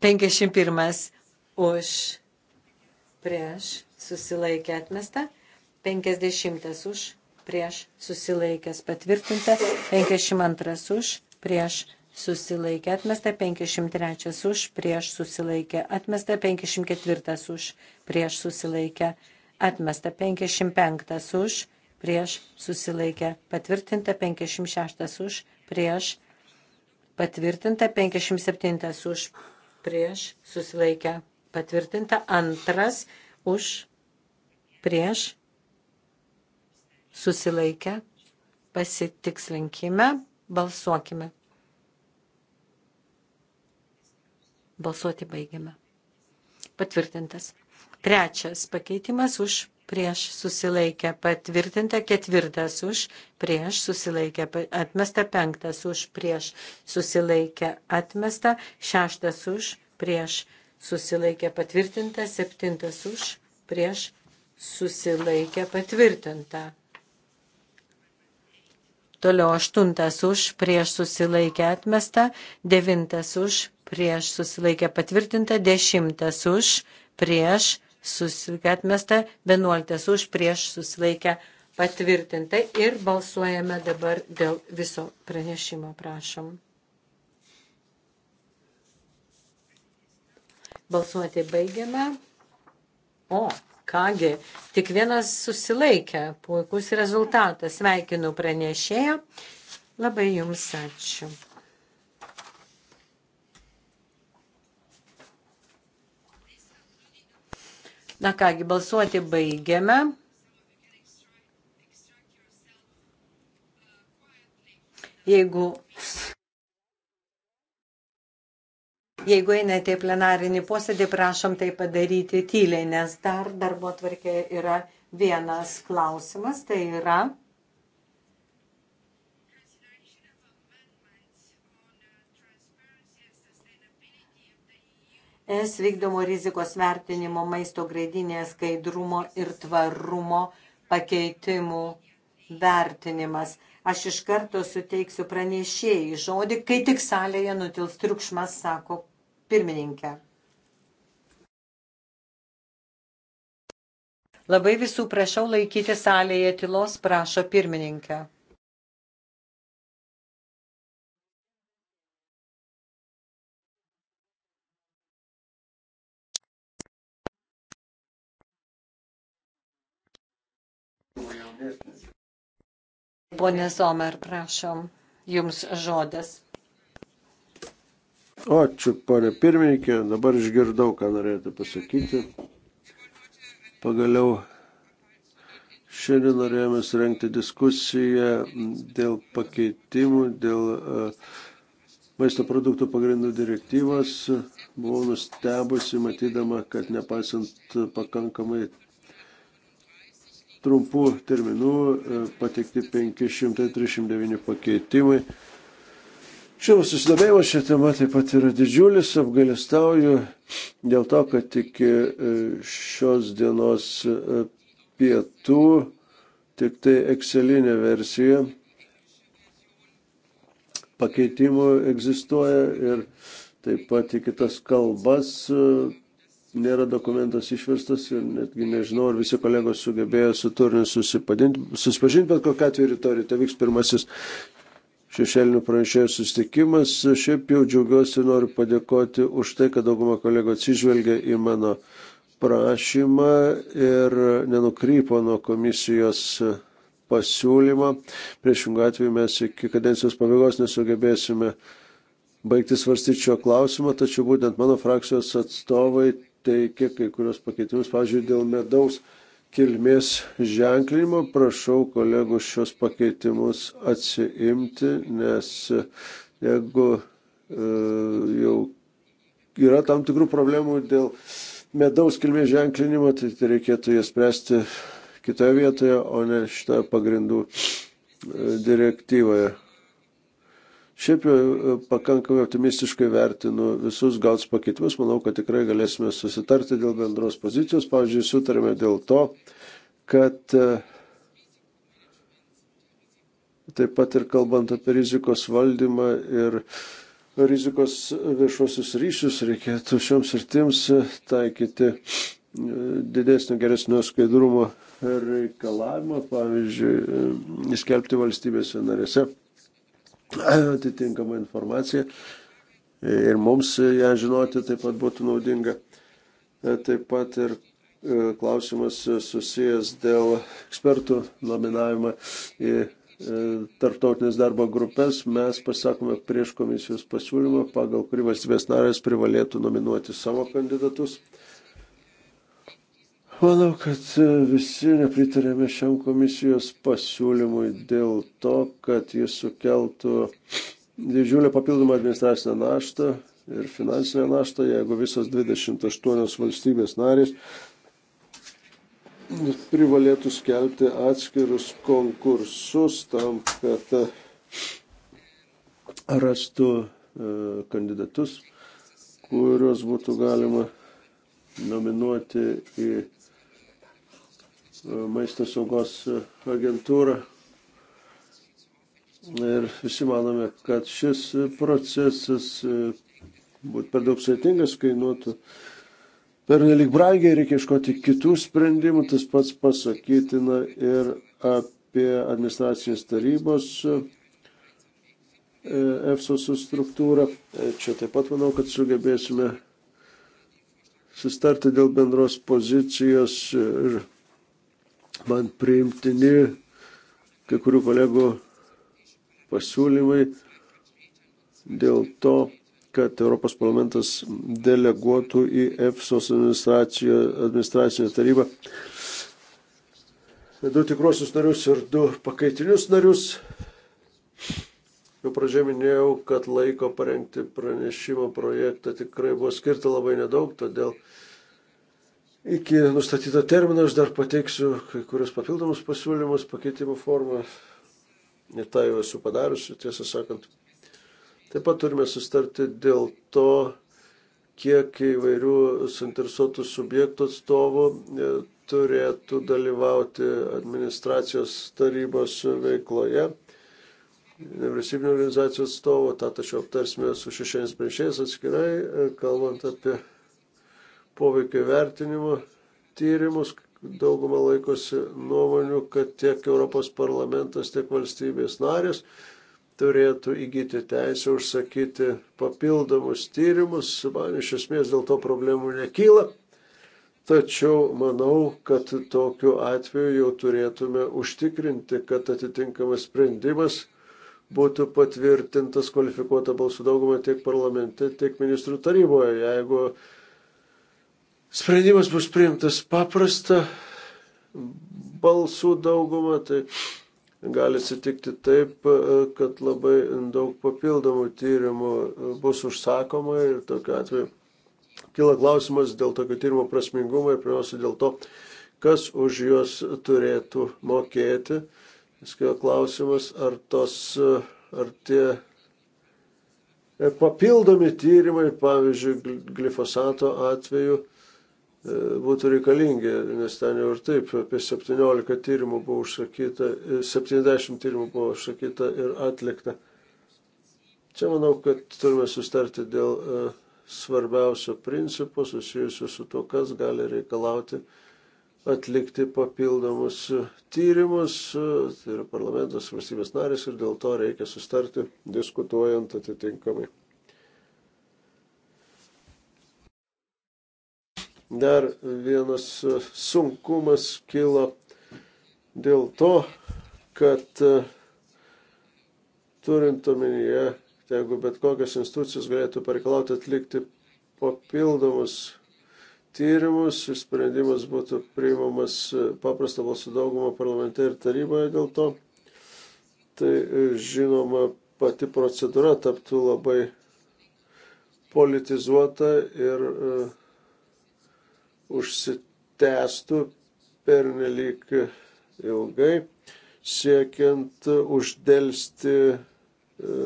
B: 51 *laughs* už, prieš susilaikę atmesta, 50 už, prieš susilaikęs patvirtinta, 52 už, prieš susilaikė atmesta 503 už, prieš susilaikė atmesta 504 už, prieš susilaikė atmesta 505 už, prieš susilaikė patvirtinta 506 už, prieš patvirtinta 507 už, prieš susilaikė patvirtinta antras už, prieš susilaikė pasitikslinkime, balsuokime. Balsuoti baigiame. Patvirtintas. Trečias pakeitimas už prieš susilaikę patvirtinta, ketvirtas už prieš susilaikę atmesta, penktas už prieš susilaikę atmesta, šeštas už prieš susilaikę patvirtinta, septintas už prieš susilaikę patvirtinta. Toliau aštuntas už prieš susilaikę atmesta, devintas už prieš susilaikę patvirtinta, dešimtas už, prieš susilaikę atmesta, vienuoliktas už, prieš susilaikę patvirtinta ir balsuojame dabar dėl viso pranešimo, prašom. Balsuoti baigiame. O, kągi, tik vienas susilaikė, puikus rezultatas. Sveikinu pranešėją. Labai jums ačiū. Na kągi,
A: balsuoti baigiame. Jeigu
B: Jeigu einate į plenarinį posėdį, prašom tai padaryti tyliai, nes dar darbo tvarkė yra vienas klausimas, tai yra es vykdomo rizikos vertinimo maisto graidinės skaidrumo ir tvarumo pakeitimų vertinimas.
A: Aš iš karto suteiksiu pranešėjai žodį, kai tik salėje nutils triukšmas, sako pirmininkė. Labai visų prašau laikyti salėje tylos, prašo pirmininkė. Pone Somer, prašom, jums žodis.
D: Ačiū, ponė pirmininkė, dabar išgirdau, ką norėjote pasakyti. Pagaliau šiandien norėjome surenkti diskusiją dėl pakeitimų, dėl e, maisto produktų pagrindų direktyvos. Buvau nustebusi, matydama, kad nepaisant pakankamai trumpų terminų e, pateikti 539 pakeitimai. Šiandien susidomėjimas šią temą taip pat yra didžiulis, apgalestauju dėl to, kad iki e, šios dienos e, pietų tik tai Excelinė versija pakeitimų egzistuoja ir taip pat į kitas kalbas nėra dokumentas išverstas ir netgi nežinau, ar visi kolegos sugebėjo su turiniu susipažinti, bet kokia atveju rytoj tai vyks pirmasis šešėlinių pranešėjų susitikimas. Šiaip jau džiaugiuosi ir noriu padėkoti už tai, kad dauguma kolegų atsižvelgia į mano prašymą ir nenukrypo nuo komisijos pasiūlymą. Priešingų atveju mes iki kadencijos pabaigos nesugebėsime baigti svarstyti šio klausimo, tačiau būtent mano frakcijos atstovai teikia kai kurios pakeitimus, pavyzdžiui, dėl medaus kilmės ženklinimo, prašau kolegų šios pakeitimus atsiimti, nes e, jeigu e, jau yra tam tikrų problemų dėl medaus kilmės ženklinimo, tai, tai reikėtų jas spręsti kitoje vietoje, o ne šitoje pagrindų e, direktyvoje. Šiaip jau e, pakankamai optimistiškai vertinu visus gauts pakeitimus, manau, kad tikrai galėsime susitarti dėl bendros pozicijos. Pavyzdžiui, sutarėme dėl to, kad e, taip pat ir kalbant apie rizikos valdymą ir rizikos viešuosius ryšius, reikėtų šioms ir tims taikyti e, didesnio geresnio skaidrumo reikalavimą, pavyzdžiui, įskelbti valstybėse narėse *clears throat* atitinkamą informaciją ir mums ją žinoti taip pat būtų naudinga. E, taip pat ir e, klausimas susijęs dėl ekspertų nominavimą į e, tarptautinės darbo grupės. Mes pasakome prieš komisijos pasiūlymą, pagal kurį valstybės narės privalėtų nominuoti savo kandidatus. Manau, kad e, visi nepritarėme šiam komisijos pasiūlymui dėl to, kad jis sukeltų didžiulę papildomą administracinę naštą ir finansinę naštą, jeigu visos 28 valstybės narės privalėtų skelbti atskirus konkursus tam, kad e, rastų e, kandidatus, kuriuos būtų galima nominuoti į E, maisto saugos agentūra. Ir visi manome, kad šis procesas e, būtų per daug sveitingas, kainuotų per nelik brangiai, reikia iškoti kitų sprendimų, tas pats pasakytina ir apie administracinės tarybos e, EFSOS struktūrą. Čia taip pat manau, kad sugebėsime sustarti dėl bendros pozicijos ir man priimtini kai kurių kolegų pasiūlymai dėl to, kad Europos parlamentas deleguotų į EFSOS administracinę tarybą du tikruosius narius ir du pakaitinius narius. Jau pradžioje minėjau, kad laiko parengti pranešimo projektą tikrai buvo skirta labai nedaug, todėl Iki nustatyto termino aš dar pateiksiu kai kurios papildomus pasiūlymus pakeitimų formą. Ir tą jau esu padariusi, tiesą sakant. Taip pat turime sustarti dėl to, kiek įvairių suinteresuotų subjektų atstovų e, turėtų dalyvauti administracijos tarybos veikloje. Nevyriausybinio organizacijos atstovų, tą tačiau aptarsime su šešienis priešėjais atskirai, e, kalbant apie poveikio vertinimo tyrimus. Dauguma laikosi nuomonių, kad tiek Europos parlamentas, tiek valstybės narės turėtų įgyti teisę užsakyti papildomus tyrimus. Man iš esmės dėl to problemų nekyla. Tačiau manau, kad tokiu atveju jau turėtume užtikrinti, kad atitinkamas sprendimas būtų patvirtintas kvalifikuota balsų dauguma tiek parlamente, tiek ministrų taryboje. Jeigu Sprendimas bus priimtas paprasta balsų dauguma, tai gali atsitikti taip, kad labai daug papildomų tyrimų bus užsakoma ir tokiu atveju kyla klausimas dėl tokio tyrimo prasmingumo ir pirmiausia dėl to, kas už juos turėtų mokėti. Skio klausimas, ar, tos, ar tie papildomi tyrimai, pavyzdžiui, glifosato atveju, E, būtų reikalingi, nes ten jau ir taip apie 17 tyrimų buvo užsakyta, 70 e, tyrimų buvo užsakyta ir atlikta. Čia manau, kad turime sustarti dėl e, svarbiausio principo susijusio su to, kas gali reikalauti atlikti papildomus tyrimus, tai yra parlamentas, valstybės narės ir dėl to reikia sustarti diskutuojant atitinkamai Dar vienas sunkumas kilo dėl to, kad e, turint omenyje, jeigu bet kokios institucijos galėtų pareikalauti atlikti papildomus tyrimus, sprendimas būtų priimamas e, paprastą balsų daugumą parlamente ir taryboje dėl to, tai e, žinoma pati procedūra taptų labai politizuota ir uh, užsitęstų pernelyg ilgai, siekiant uždelsti e,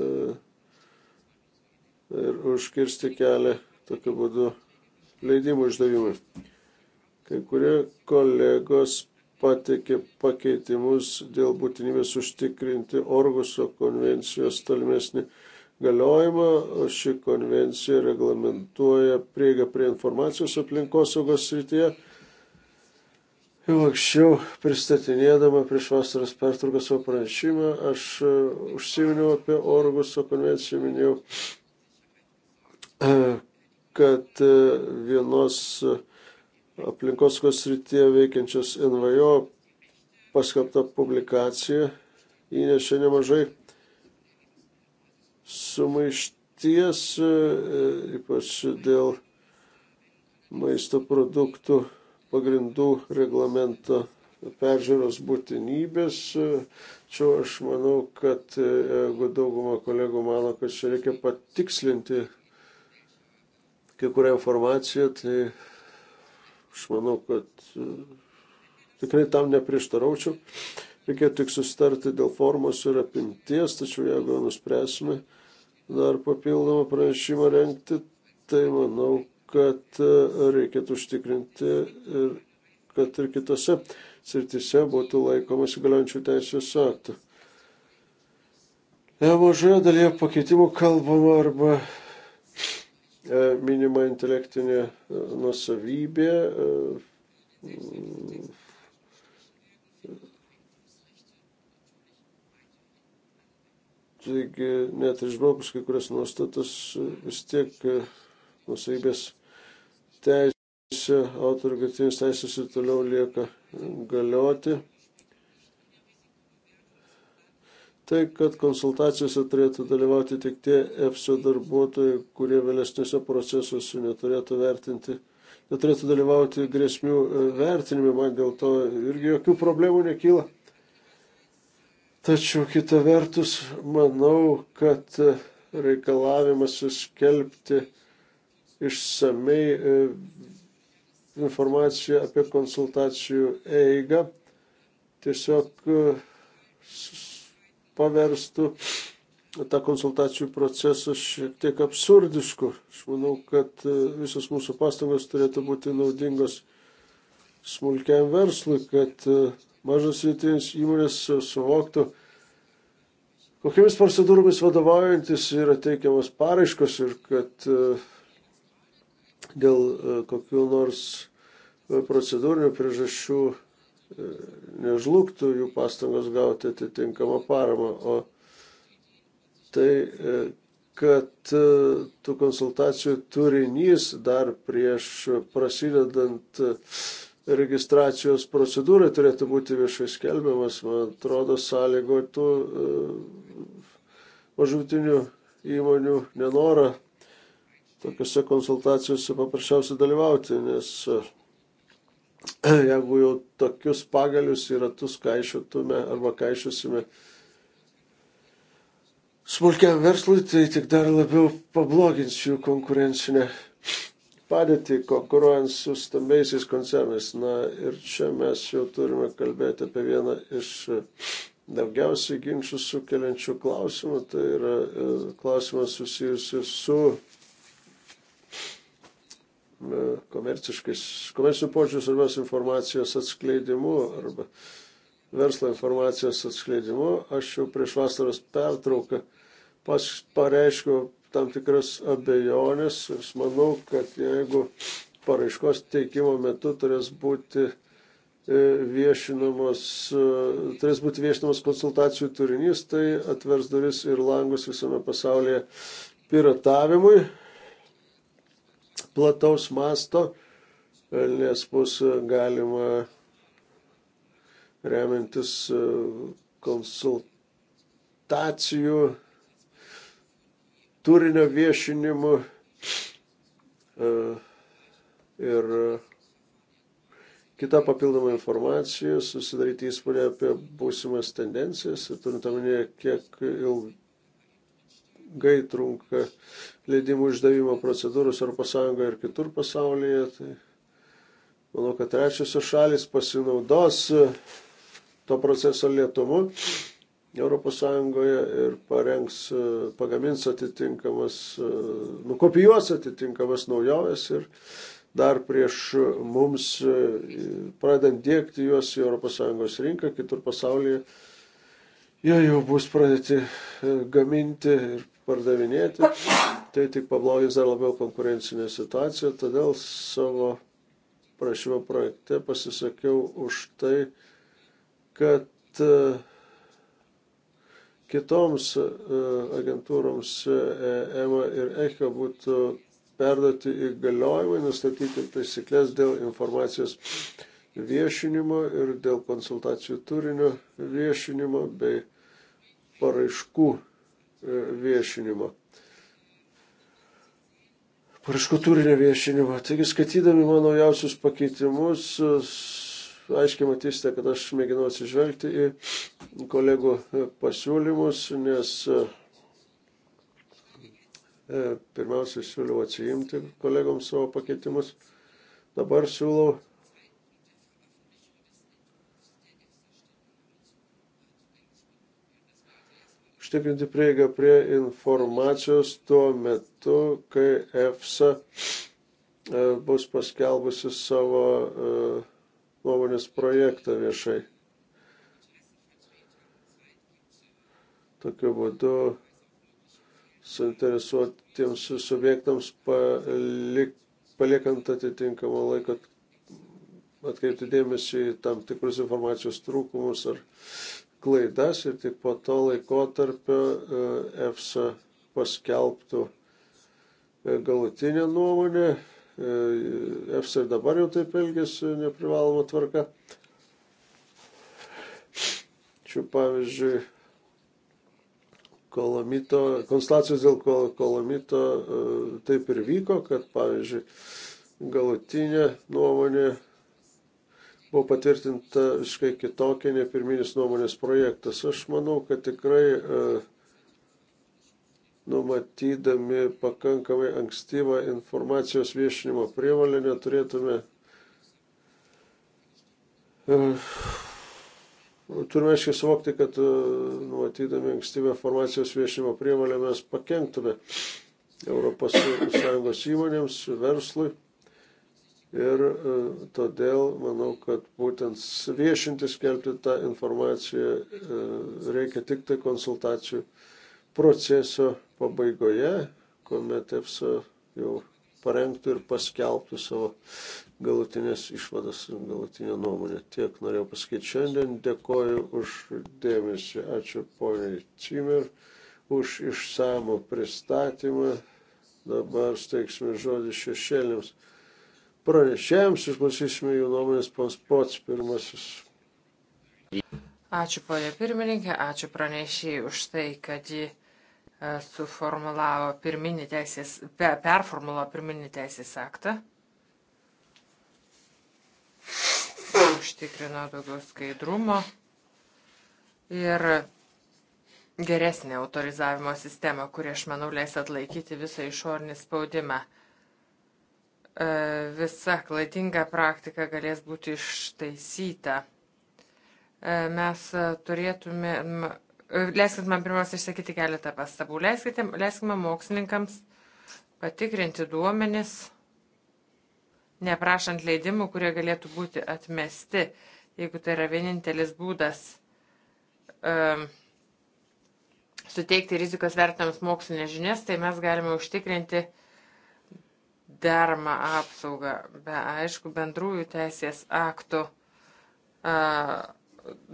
D: ir užkirsti kelią tokiu būdu leidimų išdavimui. Kai kurie kolegos pateikė pakeitimus dėl būtinybės užtikrinti Orguso konvencijos tolimesnį galiojimą. Ši konvencija reglamentuoja prieigą prie informacijos aplinkosaugos srityje. Jau anksčiau pristatinėdama prieš vasaros pertrauką savo pranešimą, aš e, užsiminiau apie Orguso konvenciją, minėjau, e, kad e, vienos aplinkosaugos srityje veikiančios NVO paskelbta publikacija įnešė nemažai sumaišties, e, e, ypač dėl maisto produktų pagrindų reglamento peržiūros būtinybės. Čia aš manau, kad e, jeigu dauguma kolegų mano, kad čia reikia patikslinti kai kurią informaciją, tai aš manau, kad tikrai tam neprieštaraučiau. Reikėtų tik sustarti dėl formos ir apimties, tačiau jeigu nuspręsime, dar papildomą pranešimą renkti, tai manau, kad e, reikėtų užtikrinti ir kad ir kitose srityse būtų laikomasi galiojančių teisės aktų. Nemažoje dalyje pakeitimų kalbama arba e, minima intelektinė nusavybė, e, Taigi net ir žmogus kai kurias nuostatas e, vis tiek e, nusaibės teisė, autorių gatinės teisės ir toliau lieka e, galioti. Tai, kad konsultacijose turėtų dalyvauti tik tie EFSO darbuotojai, kurie vėlesniuose procesuose neturėtų vertinti, neturėtų dalyvauti grėsmių vertinime, man dėl to irgi jokių problemų nekyla. Tačiau kita vertus, manau, kad e, reikalavimas suskelbti išsamei e, informaciją apie konsultacijų eigą tiesiog e, paverstų tą konsultacijų procesą šiek tiek absurdišku. Aš manau, kad visos mūsų pastangos turėtų būti naudingos smulkiam verslui, kad mažos vietinės įmonės suvoktų, kokiamis procedūromis vadovaujantis yra teikiamas paraiškos ir kad e, dėl e, kokiu nors e, procedūrinių priežasčių nežlugtų jų pastangos gauti atitinkamą paramą, o tai, kad tų konsultacijų turinys dar prieš prasidedant registracijos procedūrai turėtų būti viešai skelbiamas, man atrodo, sąlygotų e, mažutinių įmonių nenorą tokiuose konsultacijose paprasčiausiai dalyvauti, nes e, jeigu jau tokius pagalius į ratus kaišytume arba kaišysime smulkiam verslui, tai tik dar labiau pablogins jų konkurencinę padėtį konkuruojant su stambiaisiais koncernais. Na ir čia mes jau turime kalbėti apie vieną iš e, daugiausiai ginčių sukeliančių klausimų. Tai yra e, klausimas susijusi su e, komerciškais, komercinių požiūrių svarbios informacijos atskleidimu arba verslo informacijos atskleidimu. Aš jau prieš vasaros pertrauką pareiškiau tam tikras abejonės. Aš manau, kad jeigu paraiškos teikimo metu turės būti e, viešinamos, e, turės būti viešinamas konsultacijų turinys, tai atvers duris ir langus visame pasaulyje piratavimui plataus masto, e, nes bus galima remiantis konsultacijų turinio viešinimu e, ir e, kitą papildomą informaciją, susidaryti įspūdį apie būsimas tendencijas ir turint omenyje, kiek ilgai trunka leidimų išdavimo procedūros Europos Sąjungoje ir kitur pasaulyje, tai manau, kad trečiosios šalis pasinaudos e, to proceso lietumu ES ir parengs, pagamins atitinkamas, nukopijuos atitinkamas naujoves ir dar prieš mums pradant dėkti juos į ES rinką, kitur pasaulyje, jie jau bus pradėti e, gaminti ir pardavinėti, tai tik pablogins dar labiau konkurencinę situaciją, todėl savo prašymo projekte pasisakiau už tai, kad e, kitoms e, agentūroms EMA ir ECHA būtų perduoti įgaliojimai, nustatyti taisyklės dėl informacijos viešinimo ir dėl konsultacijų turinio viešinimo bei paraiškų e, viešinimo. Paraiškų turinio viešinimo. Taigi, skaitydami mano naujausius pakeitimus, aiškiai matysite, kad aš mėginau atsižvelgti į kolegų pasiūlymus, nes e, pirmiausia siūliau atsijimti kolegoms savo pakeitimus. Dabar siūlau užtikrinti prieigą prie informacijos tuo metu, kai EFSA e, bus paskelbusi savo uh, nuomonės projektą viešai. Tokiu būdu suinteresuotiems subjektams palik, paliekant atitinkamą laiką atkreipti dėmesį į tam tikrus informacijos trūkumus ar klaidas ir tik po to laikotarpio e, EFSA paskelbtų e, galutinę nuomonę EFSA ir dabar jau taip elgesi neprivaloma tvarka. Čia pavyzdžiui, kolomito, konstatacijos dėl kolomito e, taip ir vyko, kad pavyzdžiui, galutinė nuomonė buvo patvirtinta visiškai kitokia nei pirminis nuomonės projektas. Aš manau, kad tikrai uh, numatydami pakankamai ankstyvą informacijos viešinimo prievalę neturėtume. Uh, turime aiškiai suvokti, kad uh, numatydami ankstyvę informacijos viešinimo prievalę mes pakenktume ES įmonėms, verslui. Ir uh, todėl manau, kad būtent viešinti, skelbti tą informaciją reikia tik tai konsultacijų proceso pabaigoje, kuomet EFSA jau parengtų ir paskelbtų savo galutinės išvadas, galutinę nuomonę. Tiek norėjau pasakyti šiandien. Dėkoju už dėmesį. Ačiū poniai Cimer už išsamų pristatymą. Dabar steiksime žodį šešėlėms. Pranešėjams išklausysime jų nuomonės pons pats pirmasis.
C: Ačiū, ponė pirmininkė, ačiū pranešėjai už tai, kad ji E, suformulavo pirminį teisės, performulavo pirminį teisės aktą, užtikrino daugiau skaidrumo ir geresnė autorizavimo sistema, kuri, aš manau, leis atlaikyti visą išorinį spaudimą. E, visa klaidinga praktika galės būti ištaisyta. E, mes turėtume Leiskit man pirmiausia išsakyti keletą pastabų. Leiskite, leiskime mokslininkams patikrinti duomenis, neprašant leidimų, kurie galėtų būti atmesti, jeigu tai yra vienintelis būdas um, suteikti rizikos vertinams mokslinės žinias, tai mes galime užtikrinti dermą apsaugą. Be aišku, bendrųjų teisės aktų. Uh,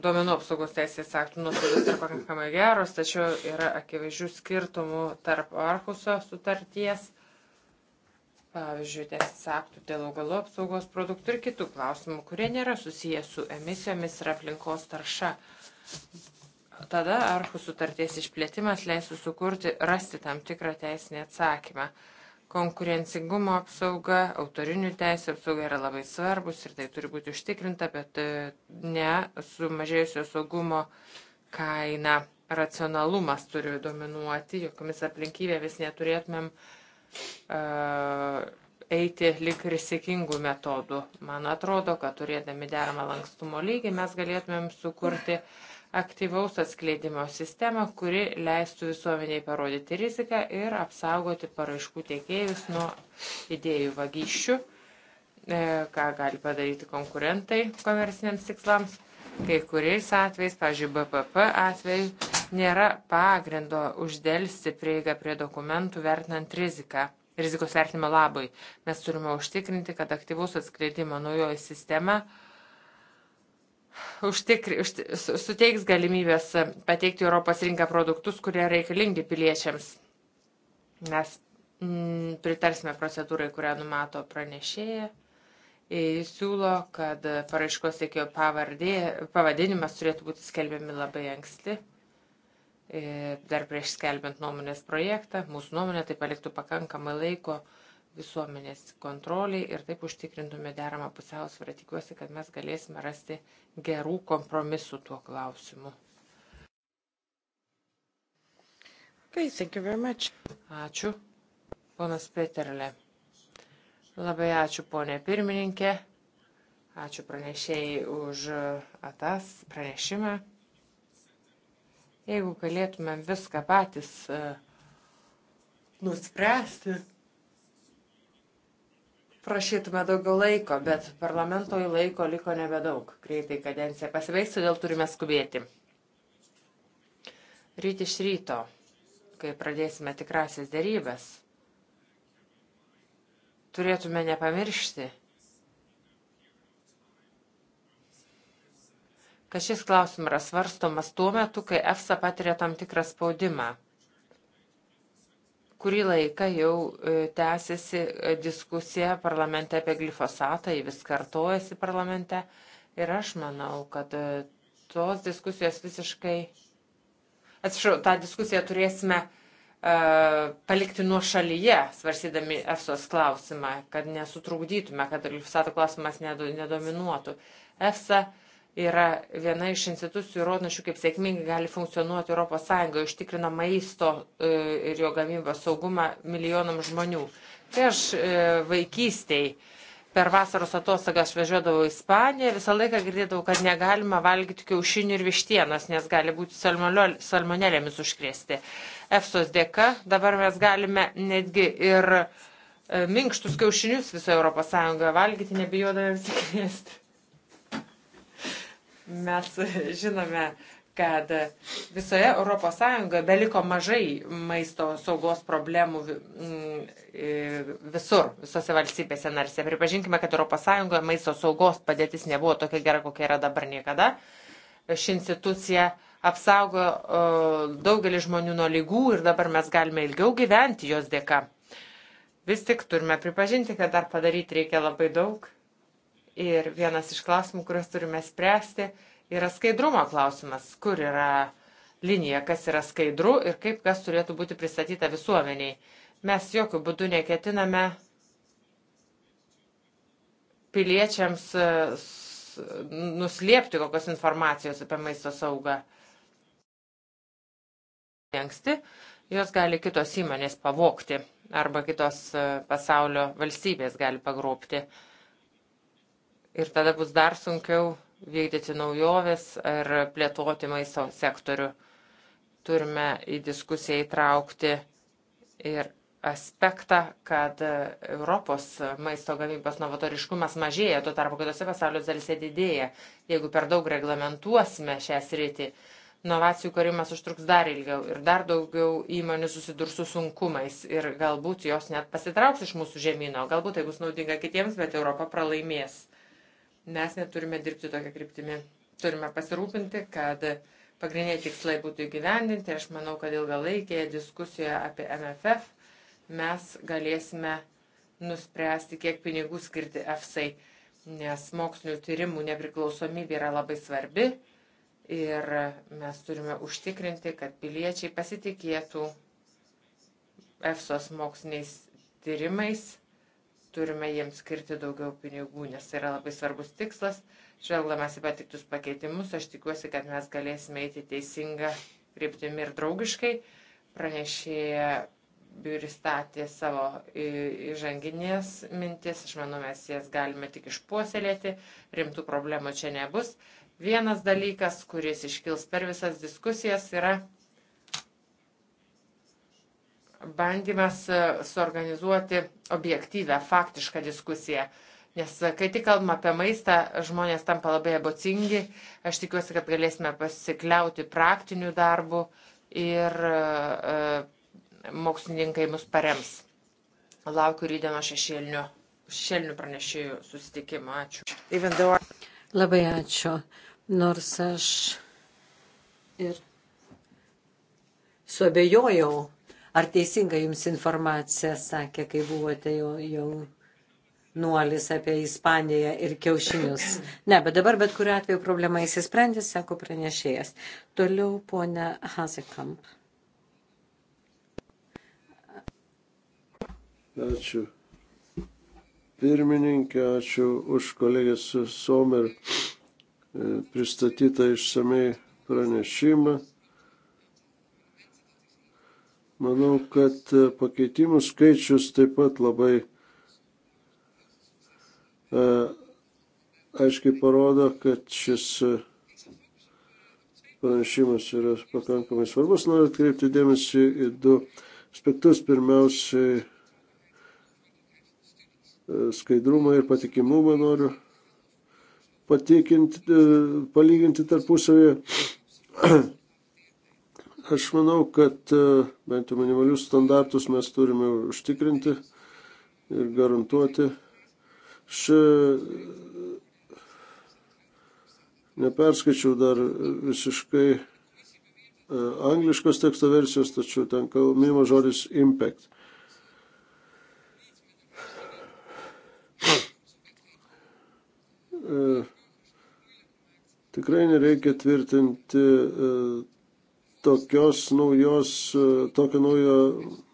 C: duomenų apsaugos teisės aktų nuostatos yra pakankamai geros, tačiau yra akivaizdžių skirtumų tarp Arkuso sutarties, pavyzdžiui, teisės aktų dėl augalų apsaugos produktų ir kitų klausimų, kurie nėra susiję su emisijomis ir aplinkos tarša. Tada Arkų sutarties išplėtimas leis sukurti, rasti tam tikrą teisinį atsakymą. Uh, konkurencingumo apsauga, autorinių teisų apsauga yra labai svarbus ir tai turi būti užtikrinta, bet e, ne sumažėjusio saugumo kaina. Racionalumas turi dominuoti, jokiamis aplinkybėmis neturėtumėm uh, eiti lik risikingų metodų. Man atrodo, kad turėdami deramą lankstumo lygį mes galėtumėm sukurti aktyvaus atskleidimo sistemą, kuri leistų visuomeniai parodyti riziką ir apsaugoti paraiškų tiekėjus nuo idėjų vagysčių, e, ką gali padaryti konkurentai komerciniams tikslams. Kai kuriais atvejais, pavyzdžiui, BPP atveju, nėra pagrindo uždėlsti prieigą prie dokumentų vertinant riziką rizikos vertinimo labui. Mes turime užtikrinti, kad aktyvus atskleidimo naujoji sistema užtikri, užti, suteiks galimybės pateikti Europos rinką produktus, kurie reikalingi piliečiams. Mes m, mm, pritarsime procedūrai, kurią numato pranešėja. E, jis siūlo, kad paraiškos teikėjo pavardė, pavadinimas turėtų būti skelbiami labai anksti. E, dar prieš skelbiant nuomonės projektą. Mūsų nuomonė tai paliktų pakankamai laiko visuomenės kontroliai ir taip užtikrintume deramą pusiausvyrą. Tikiuosi, kad mes galėsime rasti gerų kompromisų tuo klausimu. Okay, thank you very much. Ačiū, ponas Peterle. Labai ačiū, ponė pirmininkė. Ačiū pranešėjai už atas pranešimą. Jeigu galėtumėm viską patys e, nuspręsti, prašytume daugiau laiko, bet parlamento į laiko liko nebedaug. Greitai kadencija pasibaigs, todėl turime skubėti. Ryt iš ryto, kai pradėsime tikrasias dėrybės, turėtume nepamiršti, kad šis klausimas yra svarstomas tuo metu, kai EFSA patiria tam tikrą spaudimą. Kurį laiką jau e, tęsiasi e, diskusija parlamente apie glifosatą, jį vis kartojasi parlamente ir aš manau, kad e, tos diskusijos visiškai. Atsiprašau, tą diskusiją turėsime palikti nuo šalyje, svarsydami EFSOS klausimą, kad nesutrukdytume, kad glifosato klausimas nedominuotų. EFSA uh, yra viena iš institucijų įrodančių, kaip sėkmingai gali funkcionuoti ES, ištikrina maisto e, ir jo gamybos saugumą milijonam žmonių. Kai aš e, vaikystėj per vasaros atostogas važiuodavau į Ispaniją, visą laiką girdėdavau, kad negalima valgyti kiaušinių ir vištienos, nes gali būti salmonelėmis užkrėsti. EFSOS dėka dabar mes galime netgi ir e, minkštus kiaušinius visoje ES valgyti, nebijodami apsikrėsti. Mes *laughs* žinome, kad visoje ES beliko mažai maisto saugos problemų mm, visur, visose valstybėse narse. Pripažinkime, kad ES maisto saugos padėtis nebuvo tokia gera, kokia yra dabar niekada. Ši institucija apsaugo daugelį žmonių nuo lygų ir dabar mes galime ilgiau gyventi jos dėka. Vis tik turime pripažinti, kad dar padaryti reikia labai daug Ir vienas iš klausimų, kuriuos turime spręsti, yra skaidrumo klausimas, kur yra linija, kas yra skaidru ir kaip kas turėtų būti pristatyta visuomeniai. Mes jokių būdų neketiname piliečiams e, nuslėpti kokios informacijos apie maisto saugą. Anksti, jos gali kitos įmonės pavokti arba kitos e, pasaulio valstybės gali pagrobti. Uh, ir tada bus dar sunkiau vykdyti naujoves ar plėtoti maisto sektorių. Turime į diskusiją įtraukti ir aspektą, kad Europos maisto gamybos novatoriškumas mažėja, tuo tarpu kitose pasaulio dalyse didėja. Jeigu per daug reglamentuosime šią sritį, inovacijų karimas užtruks dar ilgiau ir dar daugiau įmonių susidurs su sunkumais ir galbūt jos net pasitrauks iš mūsų žemynų, galbūt tai bus naudinga kitiems, bet Europa pralaimės mes neturime dirbti tokią kryptimį. Turime pasirūpinti, kad pagrindiniai tikslai būtų įgyvendinti. Aš manau, kad ilgalaikėje diskusijoje apie MFF mes galėsime nuspręsti, kiek pinigų skirti EFSAI, nes mokslinių tyrimų nepriklausomybė yra labai svarbi ir mes turime užtikrinti, kad piliečiai pasitikėtų EFSOS moksliniais tyrimais turime jiems skirti daugiau pinigų, nes tai yra labai svarbus tikslas. Žvelgdamas į patiktus pakeitimus, aš tikiuosi, kad mes galėsime eiti teisingą kryptimį ir draugiškai. Pranešėja biuris statė savo įžanginės mintis, aš manau, mes jas galime tik išpuoselėti, rimtų problemų čia nebus. Vienas dalykas, kuris iškils per visas diskusijas, yra bandymas e, suorganizuoti objektyvę, faktišką diskusiją. Nes e, kai tik kalbam apie maistą, žmonės tampa labai abocingi. Aš tikiuosi, kad galėsime pasikliauti praktiniu darbu ir e, mokslininkai mus parems. Laukiu rydieno šešėlinių, šešėlinių pranešėjų susitikimo. Ačiū.
B: Labai ačiū. Nors aš ir suabejojau Ar teisinga jums informacija sakė, kai buvote jau, jau nuolis apie Ispaniją ir kiaušinius? Ne, bet dabar bet kuriu atveju problema įsisprendė, sako pranešėjas. Toliau ponia Hazekamp.
D: Ačiū. Pirmininkė, ačiū už kolegės Somer e, pristatytą išsamei pranešimą. Manau, kad e, pakeitimų skaičius taip pat labai e, aiškiai parodo, kad šis e, pranešimas yra pakankamai svarbus. Noriu atkreipti dėmesį į du aspektus. Pirmiausiai skaidrumą ir patikimumą noriu patikinti, palyginti tarpusavėje. *clears throat* Aš manau, kad e, bent jau minimalius standartus mes turime užtikrinti ir garantuoti. Aš e, neperskaičiau dar visiškai e, angliškos teksto versijos, tačiau ten minima žodis impact. Tikrai nereikia tvirtinti tokios naujos, e, tokio naujo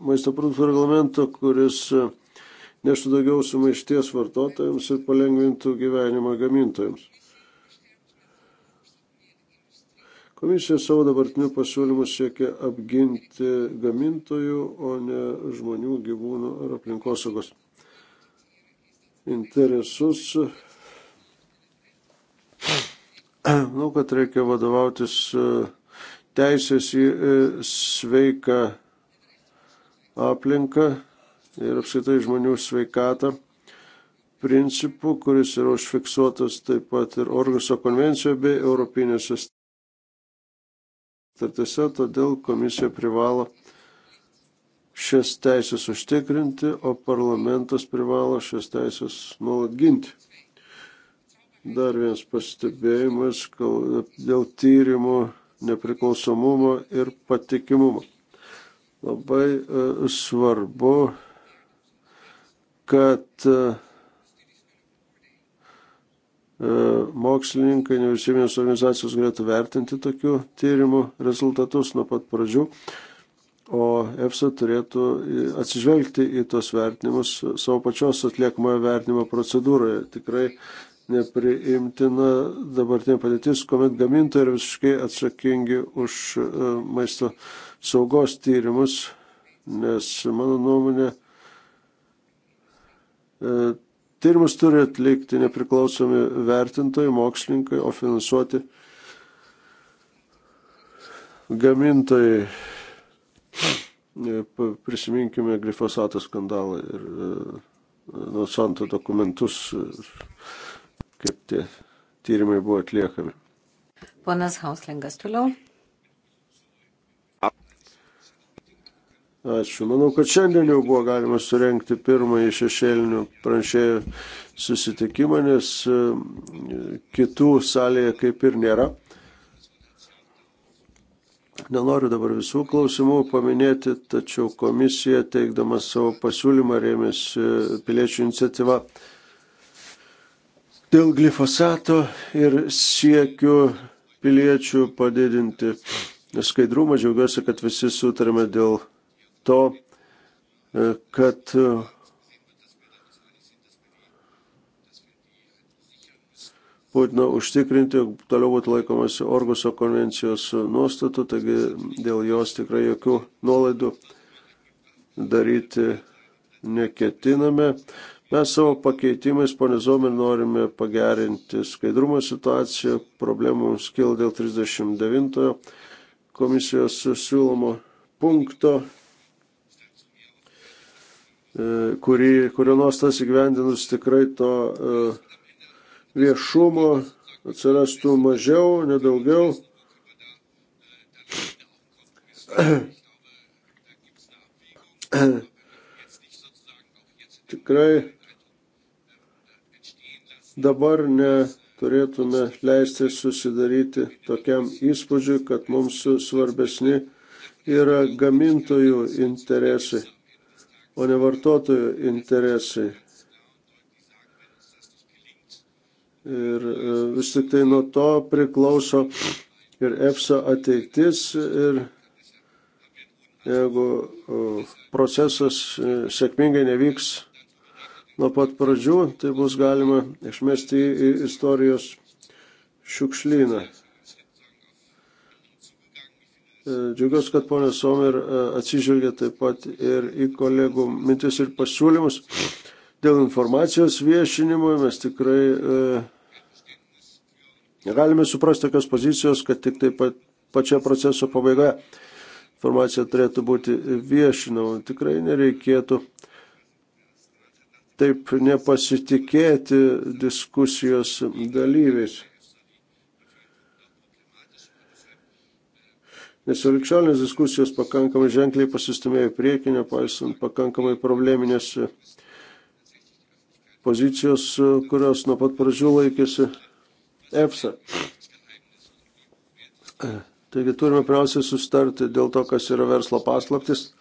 D: maisto produktų reglamento, kuris e, neštų daugiau sumaišties vartotojams ir palengvintų gyvenimą gamintojams. Komisija savo dabartinių pasiūlymų siekia apginti gamintojų, o ne žmonių, gyvūnų ar aplinkosaugos interesus. Manau, kad reikia vadovautis uh, teisės į e, sveiką aplinką ir apskaitai žmonių sveikatą principų, kuris yra užfiksuotas taip pat ir Orguso konvencijoje bei Europinėse startėse, todėl komisija privalo šias teisės užtikrinti, o parlamentas privalo šias teisės nuolat ginti. Dar vienas pastebėjimas dėl tyrimų nepriklausomumo ir patikimumo. Labai e, svarbu, kad e, mokslininkai, nevyriausybinės organizacijos galėtų vertinti tokių tyrimų rezultatus nuo pat pradžių, o EFSA turėtų e, atsižvelgti į tos vertinimus savo pačios atliekamojo vertinimo procedūroje. Tikrai nepriimtina dabartinė padėtis, kuomet gamintojai yra visiškai atsakingi už e, maisto saugos tyrimus, nes mano nuomonė, e, tyrimus turi atlikti nepriklausomi vertintojai, mokslininkai, o finansuoti gamintojai. E, prisiminkime glifosato skandalą ir Monsanto dokumentus tie tyrimai buvo atliekami.
B: Ponas Hauslingas toliau.
D: Ačiū. Manau, kad šiandien jau buvo galima surenkti pirmąjį šešėlinių pranšėjų susitikimą, nes e, kitų salėje kaip ir nėra. Nenoriu dabar visų klausimų paminėti, tačiau komisija teikdama savo pasiūlymą rėmėsi piliečių iniciatyva dėl glifosato ir siekiu piliečių padidinti skaidrumą. Džiaugiuosi, kad visi sutarėme dėl to, e, kad e, būtina užtikrinti, jog toliau būtų laikomasi Orguso konvencijos nuostatų, taigi dėl jos tikrai jokių nuolaidų daryti neketiname. Mes savo pakeitimais, ponė Zomer, norime pagerinti skaidrumo situaciją, problemų mums kil dėl 39 komisijos siūlomo punkto, e, kurį, kurio nuostas įgyvendinus tikrai to e, viešumo atsirastų mažiau, nedaugiau. Tikrai dabar neturėtume leisti susidaryti tokiam įspūdžiui, kad mums svarbesni yra gamintojų interesai, o ne vartotojų interesai. Ir e, vis tik tai nuo to priklauso ir EFSA ateitis ir jeigu procesas e, sėkmingai nevyks nuo pat pradžių, tai bus galima išmesti į istorijos šiukšlyną. E, džiaugiuosi, kad ponė Somer e, atsižvelgia taip pat ir į kolegų mintis ir pasiūlymus. Dėl informacijos viešinimo mes tikrai e, negalime suprasti tokios pozicijos, kad tik taip pat pačia proceso pabaigoje informacija turėtų būti viešinama. Tikrai nereikėtų e, taip nepasitikėti diskusijos dalyviais. Nes alikščionės diskusijos pakankamai ženkliai pasistumėjo priekį, nepaisant pakankamai probleminės pozicijos, kurios nuo pat pradžių laikėsi EFSA. Taigi turime pirmiausiai sustarti dėl to, kas yra verslo paslaptis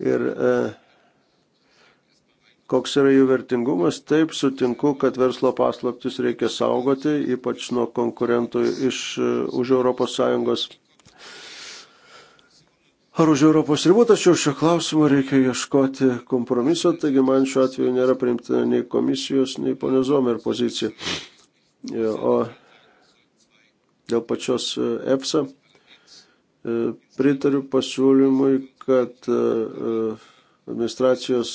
D: ir e, koks yra jų vertingumas. Taip sutinku, kad verslo paslaptis reikia saugoti, ypač nuo konkurentų iš, e, už ES ar už Europos ribų, tačiau šio klausimo reikia ieškoti kompromiso, taigi man šiuo atveju nėra priimtina nei komisijos, nei ponios Zomer pozicija. E, o dėl pačios e, EFSA pritariu pasiūlymui, kad administracijos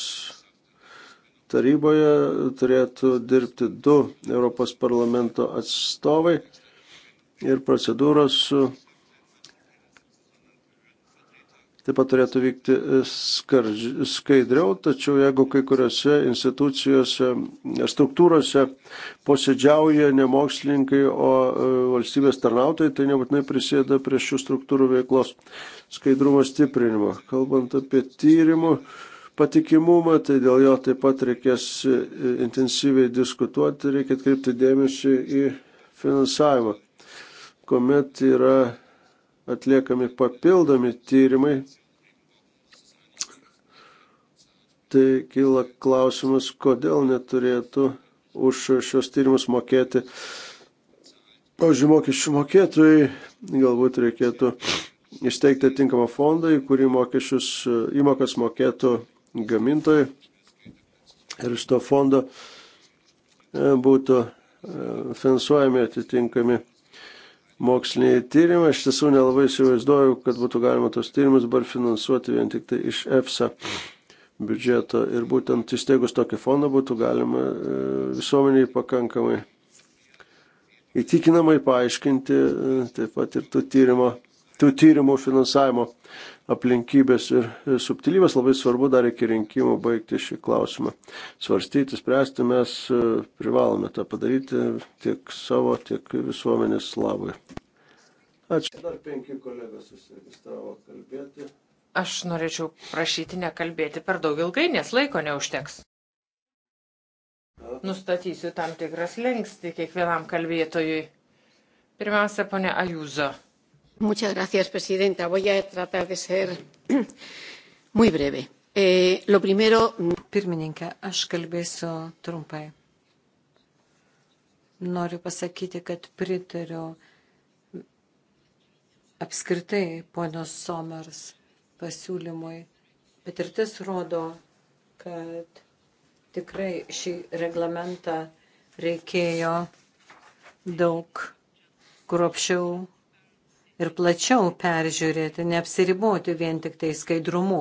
D: taryboje turėtų dirbti du Europos parlamento atstovai ir procedūros taip pat turėtų vykti skaidriau, tačiau jeigu kai kuriuose institucijose, struktūrose posėdžiauja ne mokslininkai, o e, valstybės tarnautojai, tai nebūtinai prisėda prie šių struktūrų veiklos skaidrumo stiprinimo. Kalbant apie tyrimų, patikimumą, tai dėl jo taip pat reikės e, intensyviai diskutuoti, reikia atkreipti dėmesį į finansavimą. Komet yra atliekami papildomi tyrimai, tai kyla klausimas, kodėl neturėtų už šios tyrimus mokėti. Pavyzdžiui, mokesčių mokėtojai galbūt reikėtų įsteigti tinkamą fondą, į kurį mokesčius įmokas mokėtų gamintojai ir iš to fondo e, būtų e, finansuojami atitinkami moksliniai tyrimai. Aš tiesų nelabai įsivaizduoju, kad būtų galima tos tyrimus dabar finansuoti vien tik tai iš EFSA biudžeto. Ir būtent įsteigus tokį fondą būtų galima e, visuomeniai pakankamai įtikinamai paaiškinti taip pat ir tų tyrimo, tų tyrimų finansavimo aplinkybės ir subtilybės. Labai svarbu dar iki rinkimų baigti šį klausimą. Svarstyti, spręsti mes e, privalome tą padaryti tiek savo, tiek visuomenės
C: labui. Ačiū.
D: Dar penki kolegos susiregistravo kalbėti.
C: Aš norėčiau prašyti nekalbėti per daug ilgai, nes laiko neužteks. Nustatysiu tam tikras lengsti kiekvienam kalbėtojui. Pirmiausia, ponė Ajūzo
B: señora presidenta voy a tratar de ser *clears throat* muy breve. Eh, lo primero. Mm, Pirmininkė, aš kalbėsiu trumpai. Noriu pasakyti, kad pritariu apskritai ponios Somers pasiūlymui. Patirtis rodo, kad tikrai šį reglamentą reikėjo daug kruopšiau ir plačiau peržiūrėti, neapsiriboti vien tik tai skaidrumu.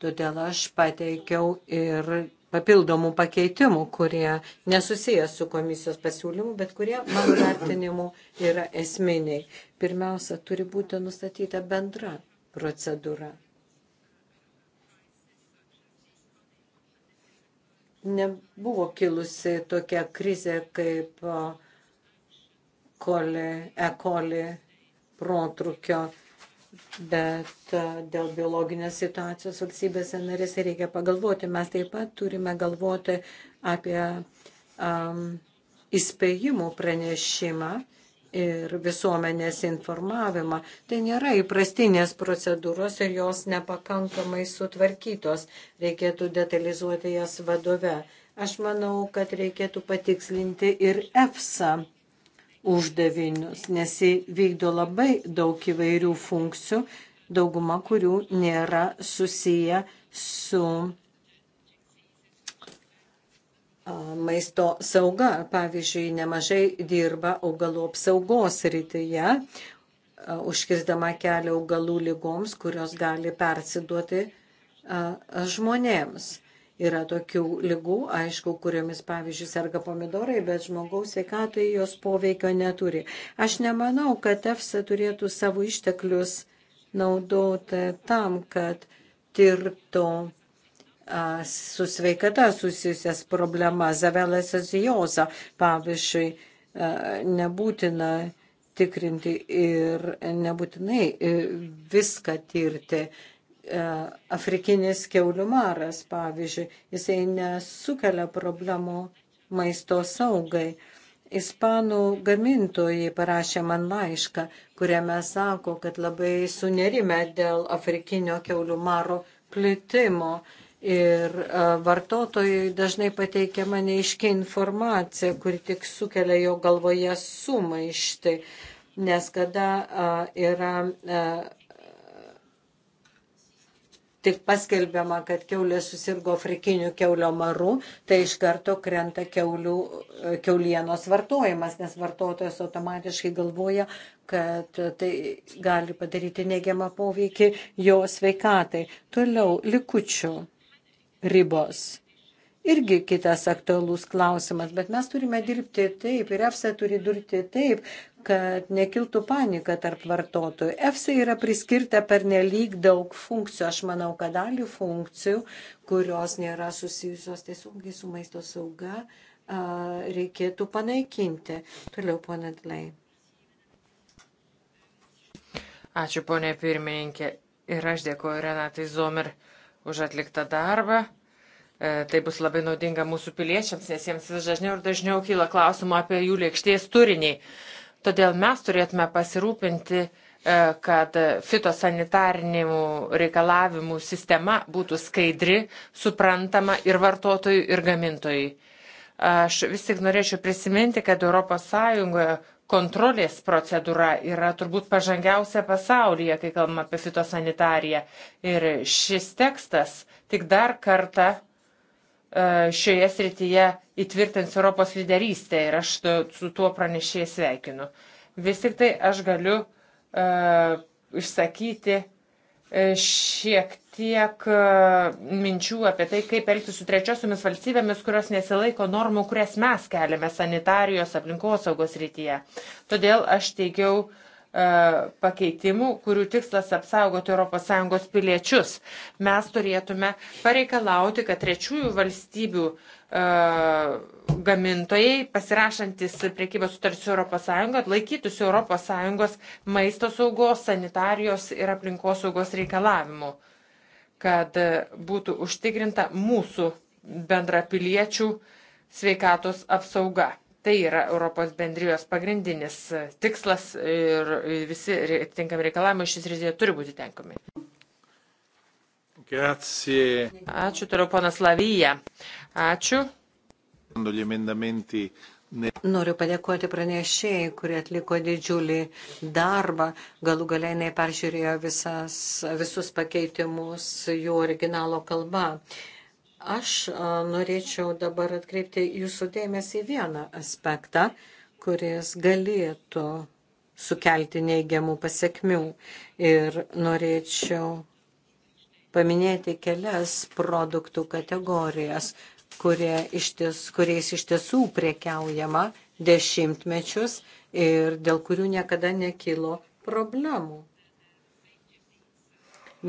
B: Todėl aš pateikiau ir papildomų pakeitimų, kurie nesusijęs su komisijos pasiūlymu, bet kurie mano vertinimu yra esminiai. Pirmiausia, turi būti nustatyta bendra procedūra. Nebuvo kilusi tokia krizė kaip E. coli protrukio, bet e, dėl biologinės situacijos valstybėse narėse reikia pagalvoti. Mes taip pat turime galvoti apie um, įspėjimų pranešimą ir visuomenės informavimą. Tai nėra įprastinės procedūros ir jos nepakankamai sutvarkytos. Reikėtų detalizuoti jas vadove. Aš manau, kad reikėtų patikslinti ir EFSA uždavinius, nes jis vykdo labai daug įvairių funkcijų, dauguma kurių nėra susiję su maisto sauga. Pavyzdžiui, nemažai dirba augalų apsaugos rytyje, užkirzdama kelią augalų lygoms, kurios gali persiduoti žmonėms. Yra tokių lygų, aišku, kuriomis, pavyzdžiui, serga pomidorai, bet žmogaus sveikatai jos poveikio neturi. Aš nemanau, kad EFSA turėtų savo išteklius naudoti tam, kad tirtų su sveikata susijusias problemas. Zavelas Azijosa, pavyzdžiui, nebūtina tikrinti ir nebūtinai e, viską tirti, E, afrikinis keulių maras, pavyzdžiui, jisai nesukelia problemų maisto saugai. Ispanų gamintojai parašė man laišką, kuriame sako, kad labai sunerime dėl afrikinio keulių maro plitimo ir e, vartotojai dažnai pateikiama neiški informacija, kuri tik sukelia jo galvoje sumaišti, nes kada e, yra tik paskelbiama, kad keulė susirgo afrikiniu keulio maru, tai iš karto krenta keulių, e, keulienos vartojimas, nes vartotojas automatiškai galvoja, kad tai gali padaryti neigiamą poveikį jo sveikatai. Toliau likučių ribos irgi kitas aktualus klausimas, bet mes turime dirbti taip ir EFSA turi dirbti taip, kad nekiltų panika tarp vartotojų. EFSA yra priskirta per nelik daug funkcijų, aš manau, kad dalį funkcijų, kurios nėra susijusios tiesiogiai su maisto sauga, reikėtų panaikinti. Toliau, ponė Dlei.
C: Ačiū, ponė pirmininkė. Ir aš dėkoju Renatai Zomer už atliktą darbą. E, tai bus labai naudinga mūsų piliečiams, nes jiems vis dažniau ir dažniau kyla klausimų apie jų lėkštės turinį. Todėl mes turėtume pasirūpinti, e, kad fitosanitarinių reikalavimų sistema būtų skaidri, suprantama ir vartotojui, ir gamintojui. Aš vis tik norėčiau prisiminti, kad ES kontrolės procedūra yra turbūt pažangiausia pasaulyje, kai kalbam apie fitosanitariją. Ir šis tekstas tik dar kartą E, šioje srityje įtvirtins Europos lyderystę ir aš su tuo pranešėjai sveikinu. Vis tik tai aš galiu uh, išsakyti e, šiek tiek minčių apie tai, kaip elgtis su trečiosiomis valstybėmis, kurios nesilaiko normų, kurias mes keliame sanitarijos aplinkosaugos rytyje. Todėl aš teigiau uh, E, pakeitimų, kurių tikslas apsaugoti ES piliečius. Mes turėtume pareikalauti, kad trečiųjų valstybių e, gamintojai, pasirašantis priekybos sutarčių ES, laikytųsi ES maisto saugos, sanitarijos ir aplinkos saugos reikalavimų, kad būtų užtikrinta mūsų bendrapiliečių sveikatos apsauga. Tai yra Europos bendrijos pagrindinis tikslas ir visi atitinkami reikalavimai šis rytyje turi būti tenkami. Grazie. Ačiū, toliau ponas Lavyja. Ačiū.
B: Noriu padėkoti pranešėjai, kurie atliko didžiulį darbą. Galų galiai neperžiūrėjo visas, visus pakeitimus jų originalo kalba. Uh, Aš norėčiau dabar atkreipti jūsų dėmesį į vieną aspektą, kuris galėtų sukelti neigiamų pasiekmių. Ir norėčiau paminėti kelias produktų kategorijas, kurie iš ties, kuriais iš tiesų priekiaujama dešimtmečius ir dėl kurių niekada nekilo problemų.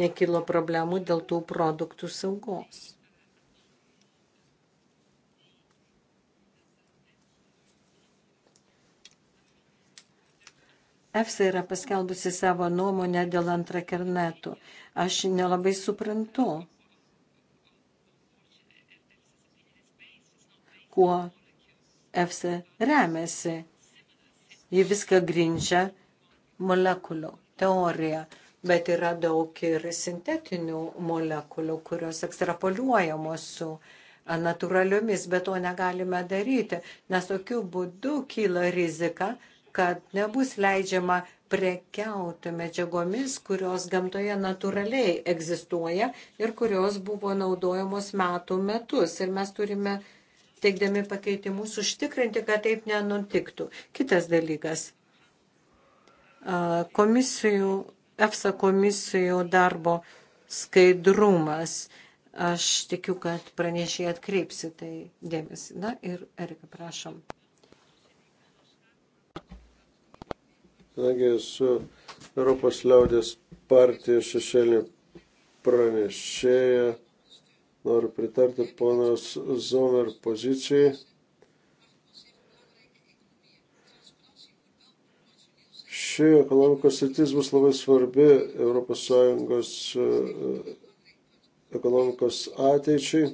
B: Nekilo problemų dėl tų produktų saugos. EFSA yra paskelbusi savo nuomonę dėl antrakernetų. Aš nelabai suprantu, kuo EFSA remiasi. Ji viską grindžia molekulių teoriją, bet yra daug ir sintetinių molekulių, kurios ekstrapoliuojamos su natūraliomis, bet to negalime daryti, nes tokiu būdu kyla rizika, kad nebus leidžiama prekiauti medžiagomis, kurios gamtoje natūraliai egzistuoja ir kurios buvo naudojamos metų metus. Ir mes turime, teikdami pakeitimus, užtikrinti, kad taip nenutiktų. Kitas dalykas. Komisijų, EFSA komisijų darbo skaidrumas. Aš tikiu, kad pranešėjai atkreipsi tai dėmesį. Na ir Erika, prašom.
D: kadangi esu Europos liaudės partijos šešėlį pranešėja, noriu pritarti ponas Zomer pozicijai. Ši ekonomikos sritis bus labai svarbi ES e, ekonomikos ateičiai,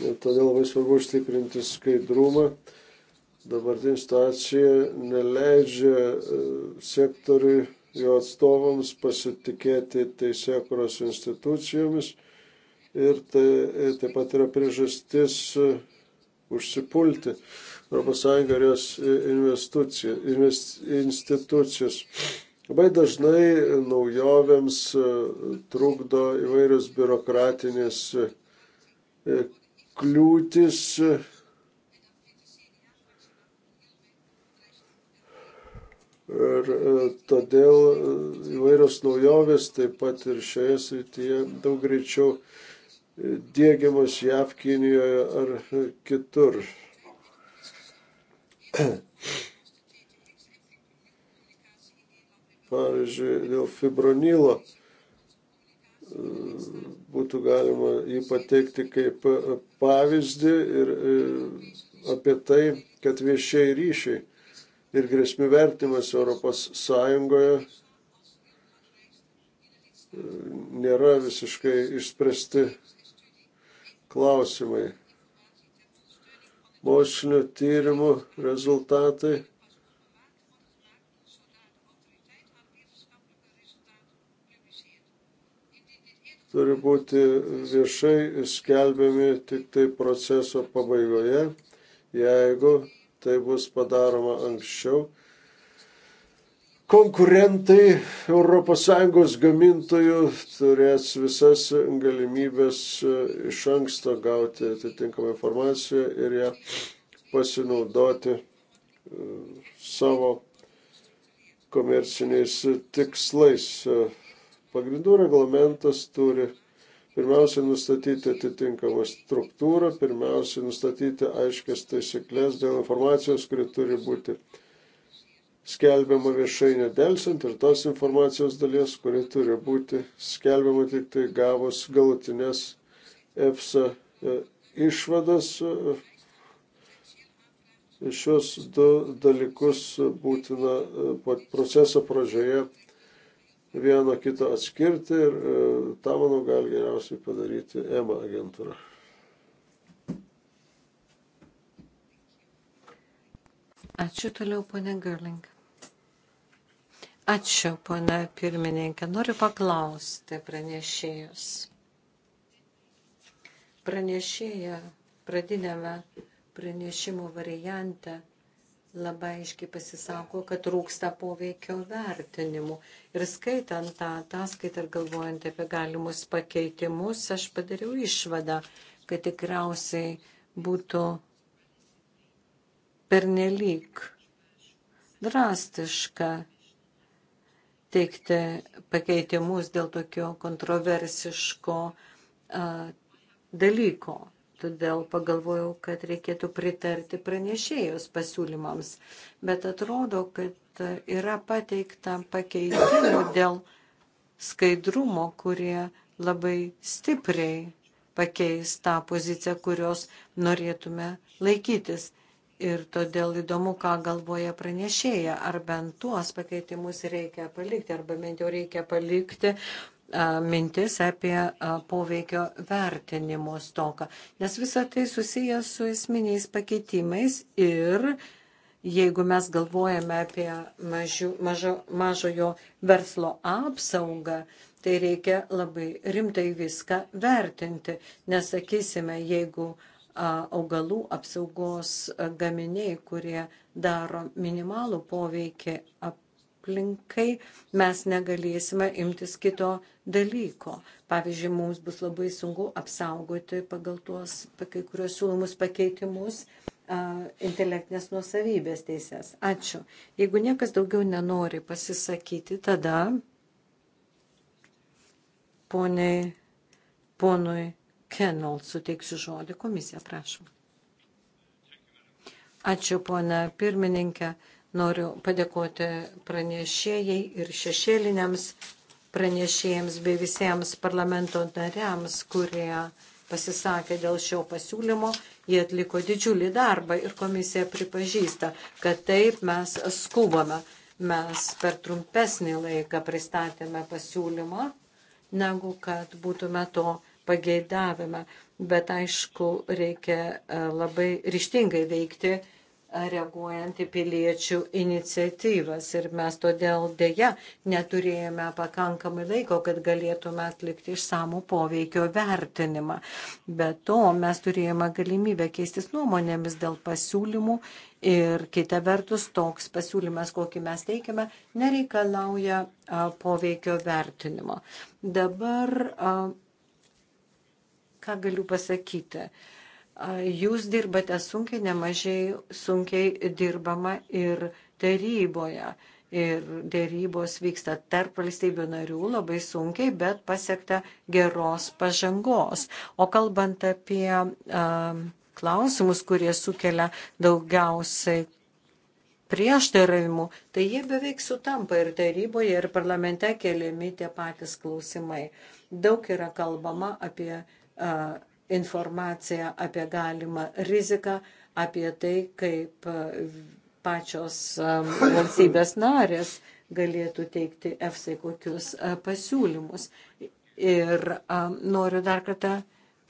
D: todėl labai svarbu užtikrinti skaidrumą dabartinė situacija neleidžia e, sektoriui, jo atstovams pasitikėti teisėkuros institucijomis ir tai e, taip pat yra priežastis e, užsipulti ES ir jos invest, institucijas. Labai dažnai naujovėms trukdo įvairios biurokratinės kliūtis Ir e, todėl e, įvairios naujovės, taip pat ir šioje srityje daug greičiau e, dėgiamos JAV, Kinijoje ar kitur. *clears throat* Pavyzdžiui, dėl fibronilo būtų galima jį pateikti kaip pavyzdį ir apie tai, kad viešiai ryšiai ir grėsmių vertimas Europos Sąjungoje e, nėra visiškai išspręsti klausimai. Mokslinio tyrimų rezultatai turi būti viešai skelbiami tik tai proceso pabaigoje, jeigu tai bus padaroma anksčiau. Konkurentai ES gamintojų turės visas galimybės e, iš anksto gauti atitinkamą informaciją ir ją pasinaudoti e, savo komerciniais tikslais. E, pagrindų reglamentas turi Pirmiausia, nustatyti atitinkamą struktūrą, pirmiausia, nustatyti aiškias taisyklės dėl informacijos, kuri turi būti skelbiama viešai nedelsiant ir tos informacijos dalies, kuri turi būti skelbiama tik tai gavus galutinės EFSA e, išvadas. Šios du dalykus būtina e, procesą pradžioje vieno kito atskirti ir e, tą, manau, gali geriausiai padaryti EMA agentūra.
B: Ačiū toliau, ponė Gerling. Ačiū, ponė pirmininkė. Noriu paklausti pranešėjus. Pranešėja pradinėme pranešimo variante labai aiškiai pasisako, kad rūksta poveikio vertinimų. Ir skaitant tą ataskaitą ir galvojant apie galimus pakeitimus, aš padariau išvadą, kad tikriausiai būtų pernelyg drastiška teikti pakeitimus dėl tokio kontroversiško a, dalyko todėl pagalvojau, kad reikėtų pritarti pranešėjos pasiūlymams. Bet atrodo, kad yra pateikta pakeitimų dėl skaidrumo, kurie labai stipriai pakeis tą poziciją, kurios norėtume laikytis. Ir todėl įdomu, ką galvoja pranešėja, ar bent tuos pakeitimus reikia palikti, arba bent jau reikia palikti mintis apie poveikio vertinimo stoką, nes visa tai susijęs su esminiais pakeitimais ir jeigu mes galvojame apie mažių, mažo, mažojo verslo apsaugą, tai reikia labai rimtai viską vertinti, nes sakysime, jeigu augalų apsaugos gaminiai, kurie daro minimalų poveikį ap aplinkai, mes negalėsime imtis kito dalyko. Pavyzdžiui, mums bus labai sunku apsaugoti pagal tuos kai kurios siūlomus pakeitimus intelektinės nuosavybės teisės. Ačiū. Jeigu niekas daugiau nenori pasisakyti, tada poniai, ponui Kenol suteiksiu žodį. Komisija, prašom. Ačiū, ponia pirmininkė. Noriu padėkoti pranešėjai ir šešėliniams pranešėjams bei visiems parlamento nariams, kurie pasisakė dėl šio pasiūlymo. Jie atliko didžiulį darbą ir komisija pripažįsta, kad taip mes skubame. Mes per trumpesnį laiką pristatėme pasiūlymą, negu kad būtume to pageidavime. Bet aišku, reikia e, labai ryštingai veikti reaguojant į piliečių iniciatyvas. Ir mes todėl dėja neturėjome pakankamai laiko, kad galėtume atlikti išsamų poveikio vertinimą. Be to, mes turėjome galimybę keistis nuomonėmis dėl pasiūlymų ir kita vertus toks pasiūlymas, kokį mes teikiame, nereikalauja poveikio vertinimo. Dabar, ką galiu pasakyti? Jūs dirbate sunkiai, nemažai sunkiai dirbama ir taryboje. Ir dėrybos vyksta tarp valstybių narių labai sunkiai, bet pasiekta geros pažangos. O kalbant apie um, klausimus, kurie sukelia daugiausiai prieštaravimų, tai jie beveik sutampa ir taryboje, ir parlamente keliami tie patys klausimai. Daug yra kalbama apie uh, informaciją apie galimą riziką, apie tai, kaip pačios um, valstybės narės galėtų teikti EFSA kokius uh, pasiūlymus. Ir um, noriu dar kartą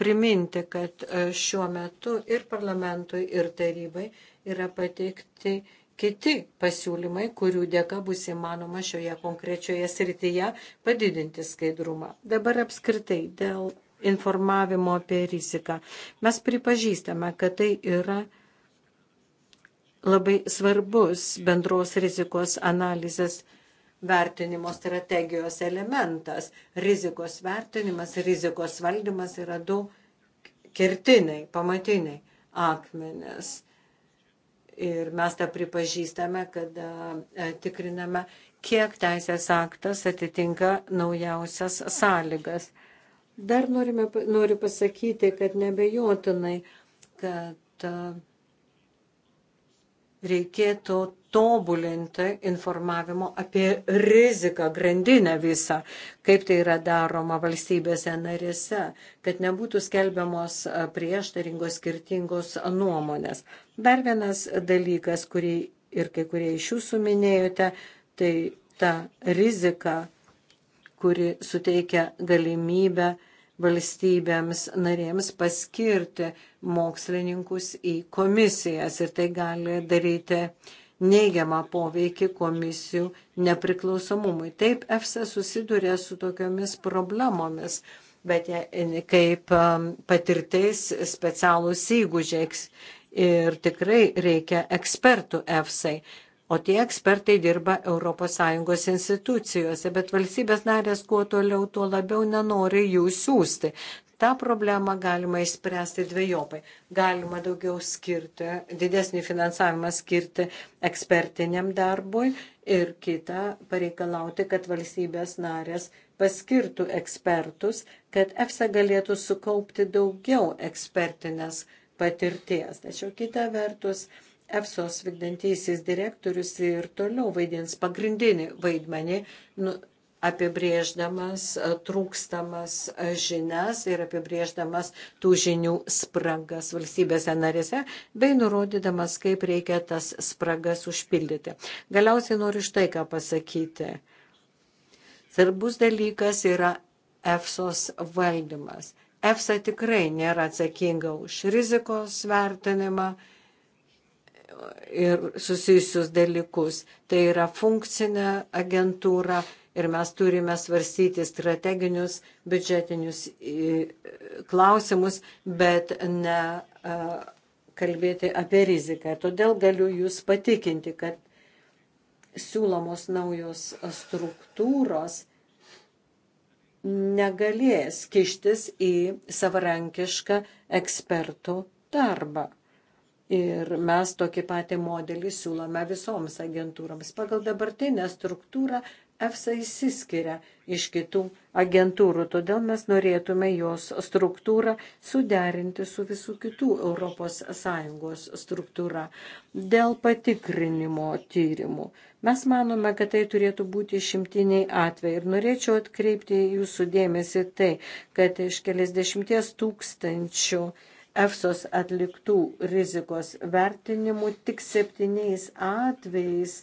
B: priminti, kad uh, šiuo metu ir parlamentui, ir tarybai yra pateikti kiti pasiūlymai, kurių dėka bus įmanoma šioje konkrečioje srityje padidinti skaidrumą. Dabar apskritai dėl informavimo apie riziką. Mes pripažįstame, kad tai yra labai svarbus bendros rizikos analizės vertinimo strategijos elementas. Rizikos vertinimas, rizikos valdymas yra du kertiniai, pamatiniai akmenės. Ir mes tą pripažįstame, kad tikriname, kiek teisės aktas atitinka naujausias sąlygas. Dar norime, noriu pasakyti, kad nebejotinai, kad e, reikėtų tobulinti informavimo apie riziką, grandinę visą, kaip tai yra daroma valstybėse narėse, kad nebūtų skelbiamos e, prieštaringos skirtingos nuomonės. Dar vienas dalykas, kurį ir kai kurie iš jūsų minėjote, tai ta rizika, kuri suteikia galimybę valstybėms narėms paskirti mokslininkus į komisijas ir tai gali daryti neigiamą poveikį komisijų nepriklausomumui. Taip, EFSA susiduria su tokiomis problemomis, bet kaip um, patirtais specialūs įgūdžiai ir tikrai reikia ekspertų EFSA. O tie ekspertai dirba ES institucijose, bet valstybės narės kuo toliau, tuo labiau nenori jų siūsti. Ta problema galima išspręsti dviejopai. Galima daugiau skirti, didesnį finansavimą skirti ekspertiniam darbui ir kita pareikalauti, kad valstybės narės paskirtų ekspertus, kad EFSA galėtų sukaupti daugiau ekspertinės patirties. Tačiau kita vertus, uh, EFSOS vykdantysis direktorius ir toliau vaidins pagrindinį vaidmenį, nu, apibrėždamas e, trūkstamas e, žinias ir apibrėždamas tų žinių spragas valstybėse narėse, bei nurodydamas, kaip reikia tas spragas užpildyti. Galiausiai noriu štai ką pasakyti. Svarbus dalykas yra EFSOS valdymas. EFSA tikrai nėra atsakinga už rizikos vertinimą ir susijusius dalykus. Tai yra funkcinė agentūra ir mes turime svarstyti strateginius biudžetinius klausimus, bet ne kalbėti apie riziką. Todėl galiu Jūs patikinti, kad siūlomos naujos struktūros negalės kištis į savarankišką ekspertų darbą. Ir mes tokį patį modelį siūlome visoms agentūroms. Pagal dabartinę struktūrą EFSA įsiskiria iš kitų agentūrų, todėl mes norėtume jos struktūrą suderinti su visų kitų ES struktūra. Dėl patikrinimo tyrimų. Mes manome, kad tai turėtų būti šimtiniai atvejai ir norėčiau atkreipti jūsų dėmesį tai, kad iš keliasdešimties tūkstančių uh, EFSOS atliktų rizikos vertinimų tik septyniais atvejais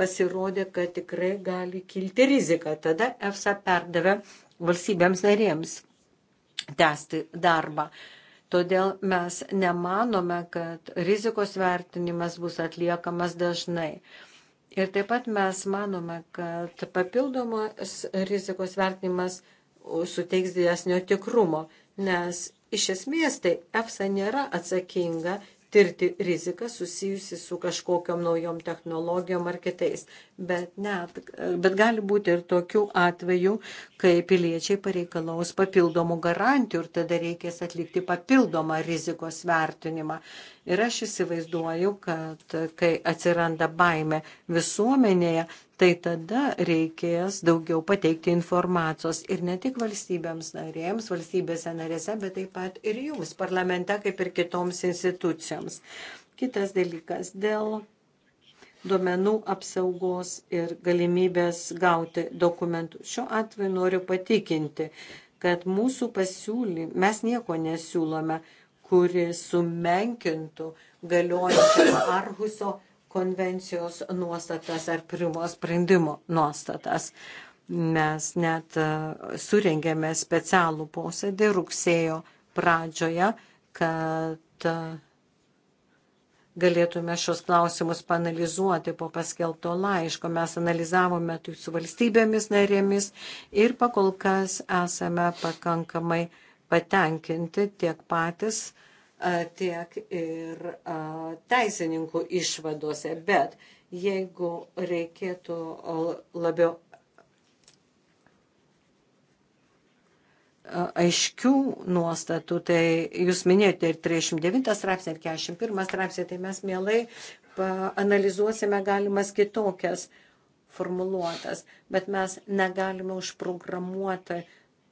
B: pasirodė, kad tikrai gali kilti rizika. Tada EFSA perdavė valstybėms narėms tęsti darbą. Todėl mes nemanome, kad rizikos vertinimas bus atliekamas dažnai. Ir taip pat mes manome, kad papildomas rizikos vertinimas suteiks didesnio tikrumo, nes Iš esmės, tai EFSA nėra atsakinga tirti riziką susijusi su kažkokiam naujom technologijom ar kitais. Bet, net, bet gali būti ir tokių atvejų, kai piliečiai pareikalaus papildomų garantijų ir tada reikės atlikti papildomą rizikos vertinimą. Ir aš įsivaizduoju, kad kai atsiranda baime visuomenėje, tai tada reikės daugiau pateikti informacijos ir ne tik valstybėms narėms, valstybėse narėse, bet taip pat ir jums, parlamente, kaip ir kitoms institucijoms. Kitas dalykas dėl duomenų apsaugos ir galimybės gauti dokumentų. Šiuo atveju noriu patikinti, kad mūsų pasiūly, mes nieko nesiūlome, kuri sumenkintų galiojančią Arhuso konvencijos nuostatas ar primo sprendimo nuostatas. Mes net e, surengėme specialų posėdį rugsėjo pradžioje, kad e, galėtume šios klausimus panalizuoti po paskelbto laiško. Mes analizavome tai su valstybėmis narėmis ir pakol kas esame pakankamai patenkinti tiek patys, uh, tiek ir teisininkų išvadose. Bet jeigu reikėtų labiau aiškių nuostatų, tai jūs minėjote ir 39 straipsnį, ir 41 straipsnį, tai mes mielai analizuosime galimas kitokias formuluotas, bet mes negalime užprogramuoti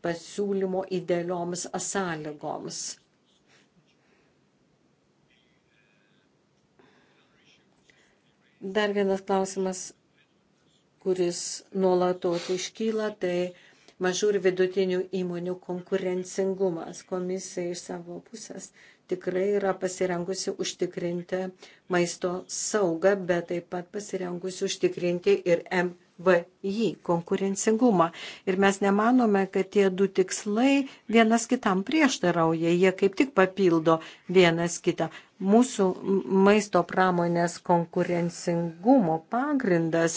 B: pasiūlymo idealioms sąlygoms. Dar vienas klausimas, kuris nuolatos iškyla, tai mažų ir vidutinių įmonių konkurencingumas. Komisija iš savo pusės tikrai yra pasirengusi užtikrinti maisto saugą, bet taip pat pasirengusi užtikrinti ir MVI konkurencingumą. Ir mes nemanome, kad tie du tikslai vienas kitam prieštarauja, jie kaip tik papildo vienas kitą. Mūsų maisto pramonės konkurencingumo pagrindas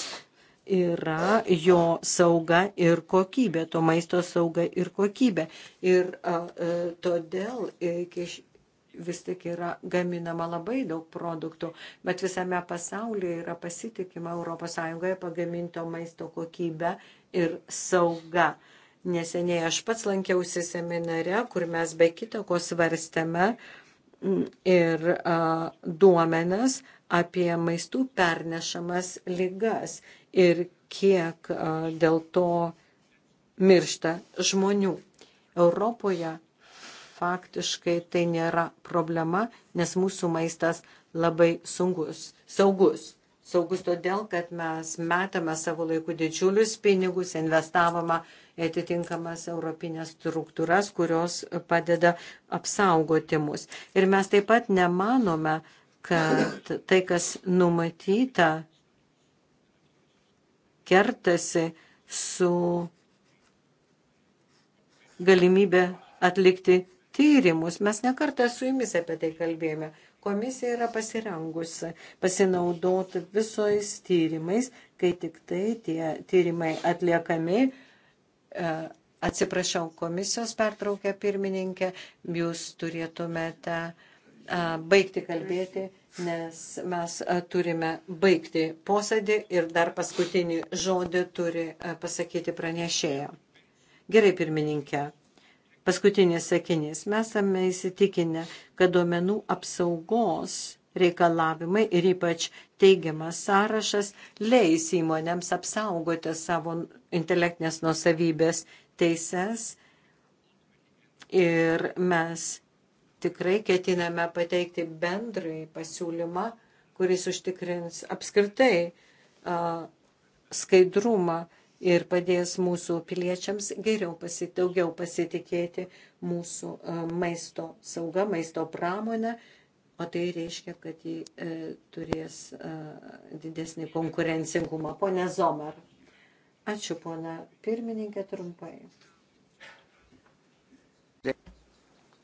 B: yra jo sauga ir kokybė, to maisto sauga ir kokybė. Ir a, a, e, todėl e, iki vis tik yra gaminama labai daug produktų, bet visame pasaulyje yra pasitikima ES pagaminto maisto kokybė ir sauga. Neseniai aš pats lankiausi seminare, kur mes be kitako svarstėme, uh, ir duomenas apie maistų pernešamas lygas ir kiek dėl to miršta žmonių. Europoje faktiškai tai nėra problema, nes mūsų maistas labai sungus, saugus. Saugus todėl, kad mes metame savo laiku didžiulius pinigus, investavome atitinkamas europinės struktūras, kurios padeda apsaugoti mus. Ir mes taip pat nemanome, kad tai, kas numatyta, kertasi su galimybė atlikti tyrimus. Mes nekartą su jumis apie tai kalbėjome. Komisija yra pasirengusi pasinaudoti visojais tyrimais, kai tik tai tie tyrimai atliekami E, atsiprašau, komisijos pertraukia pirmininkė, jūs turėtumėte e, baigti kalbėti, nes mes e, turime baigti posėdį ir dar paskutinį žodį turi pasakyti pranešėja. Gerai, pirmininkė. Paskutinis sakinys. Mes esame įsitikinę, kad duomenų apsaugos reikalavimai ir ypač teigiamas sąrašas leis įmonėms apsaugoti savo intelektinės nusavybės teises ir mes tikrai ketiname pateikti bendrąjį pasiūlymą, kuris užtikrins apskritai uh, skaidrumą ir padės mūsų piliečiams geriau pasi, daugiau pasitikėti mūsų maisto sauga, maisto pramonę o tai reiškia, kad ji e, turės e, didesnį konkurencingumą. Pone Zomer. Ačiū, pona pirmininkė, trumpai.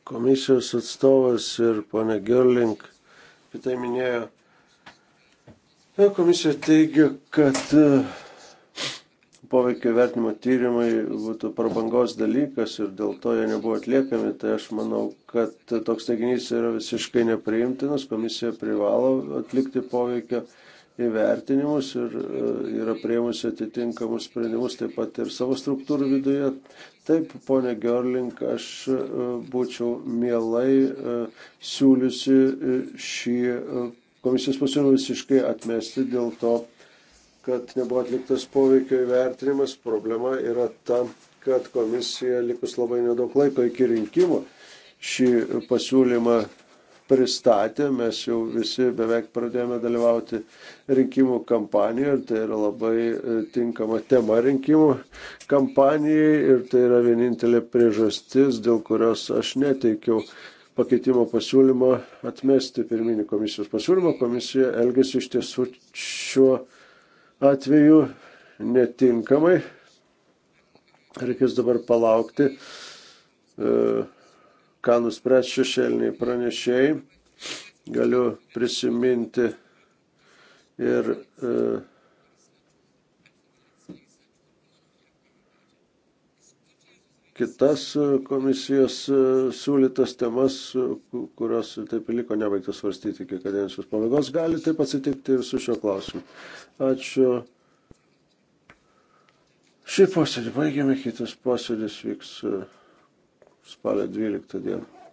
D: Komisijos atstovas ir pone Gerling apie tai minėjo. E, komisija teigia, kad uh, poveikio vertinimo tyrimai būtų prabangos dalykas ir dėl to jie nebuvo atliekami, tai aš manau, kad toks teiginys yra visiškai nepriimtinas, komisija privalo atlikti poveikio įvertinimus ir e, yra prieimusi atitinkamus sprendimus taip pat ir savo struktūrų viduje. Taip, ponė Gerling, aš e, būčiau mielai e, siūliusi šį komisijos pasiūlymą visiškai atmesti dėl to, kad nebuvo atliktas poveikio įvertinimas. Problema yra ta, kad komisija likus labai nedaug laiko iki rinkimų šį pasiūlymą pristatė, mes jau visi beveik pradėjome dalyvauti rinkimų kampanijoje ir tai yra labai e, tinkama tema rinkimų kampanijai ir tai yra vienintelė priežastis, dėl kurios aš neteikiau pakeitimo pasiūlymo atmesti pirminį komisijos pasiūlymą. Komisija elgesi iš tiesų šiuo atveju netinkamai. Reikės dabar palaukti, e, ką nuspręs šešėliniai pranešėjai. Galiu prisiminti ir e, kitas e, komisijos e, siūlytas temas, e, kurios taip ir liko nebaigtas svarstyti iki kadencijos pabaigos. Gali taip atsitikti ir su šiuo klausimu. Ačiū. Šį posėdį baigiame, kitas posėdis vyks
A: spalio 12 dieną.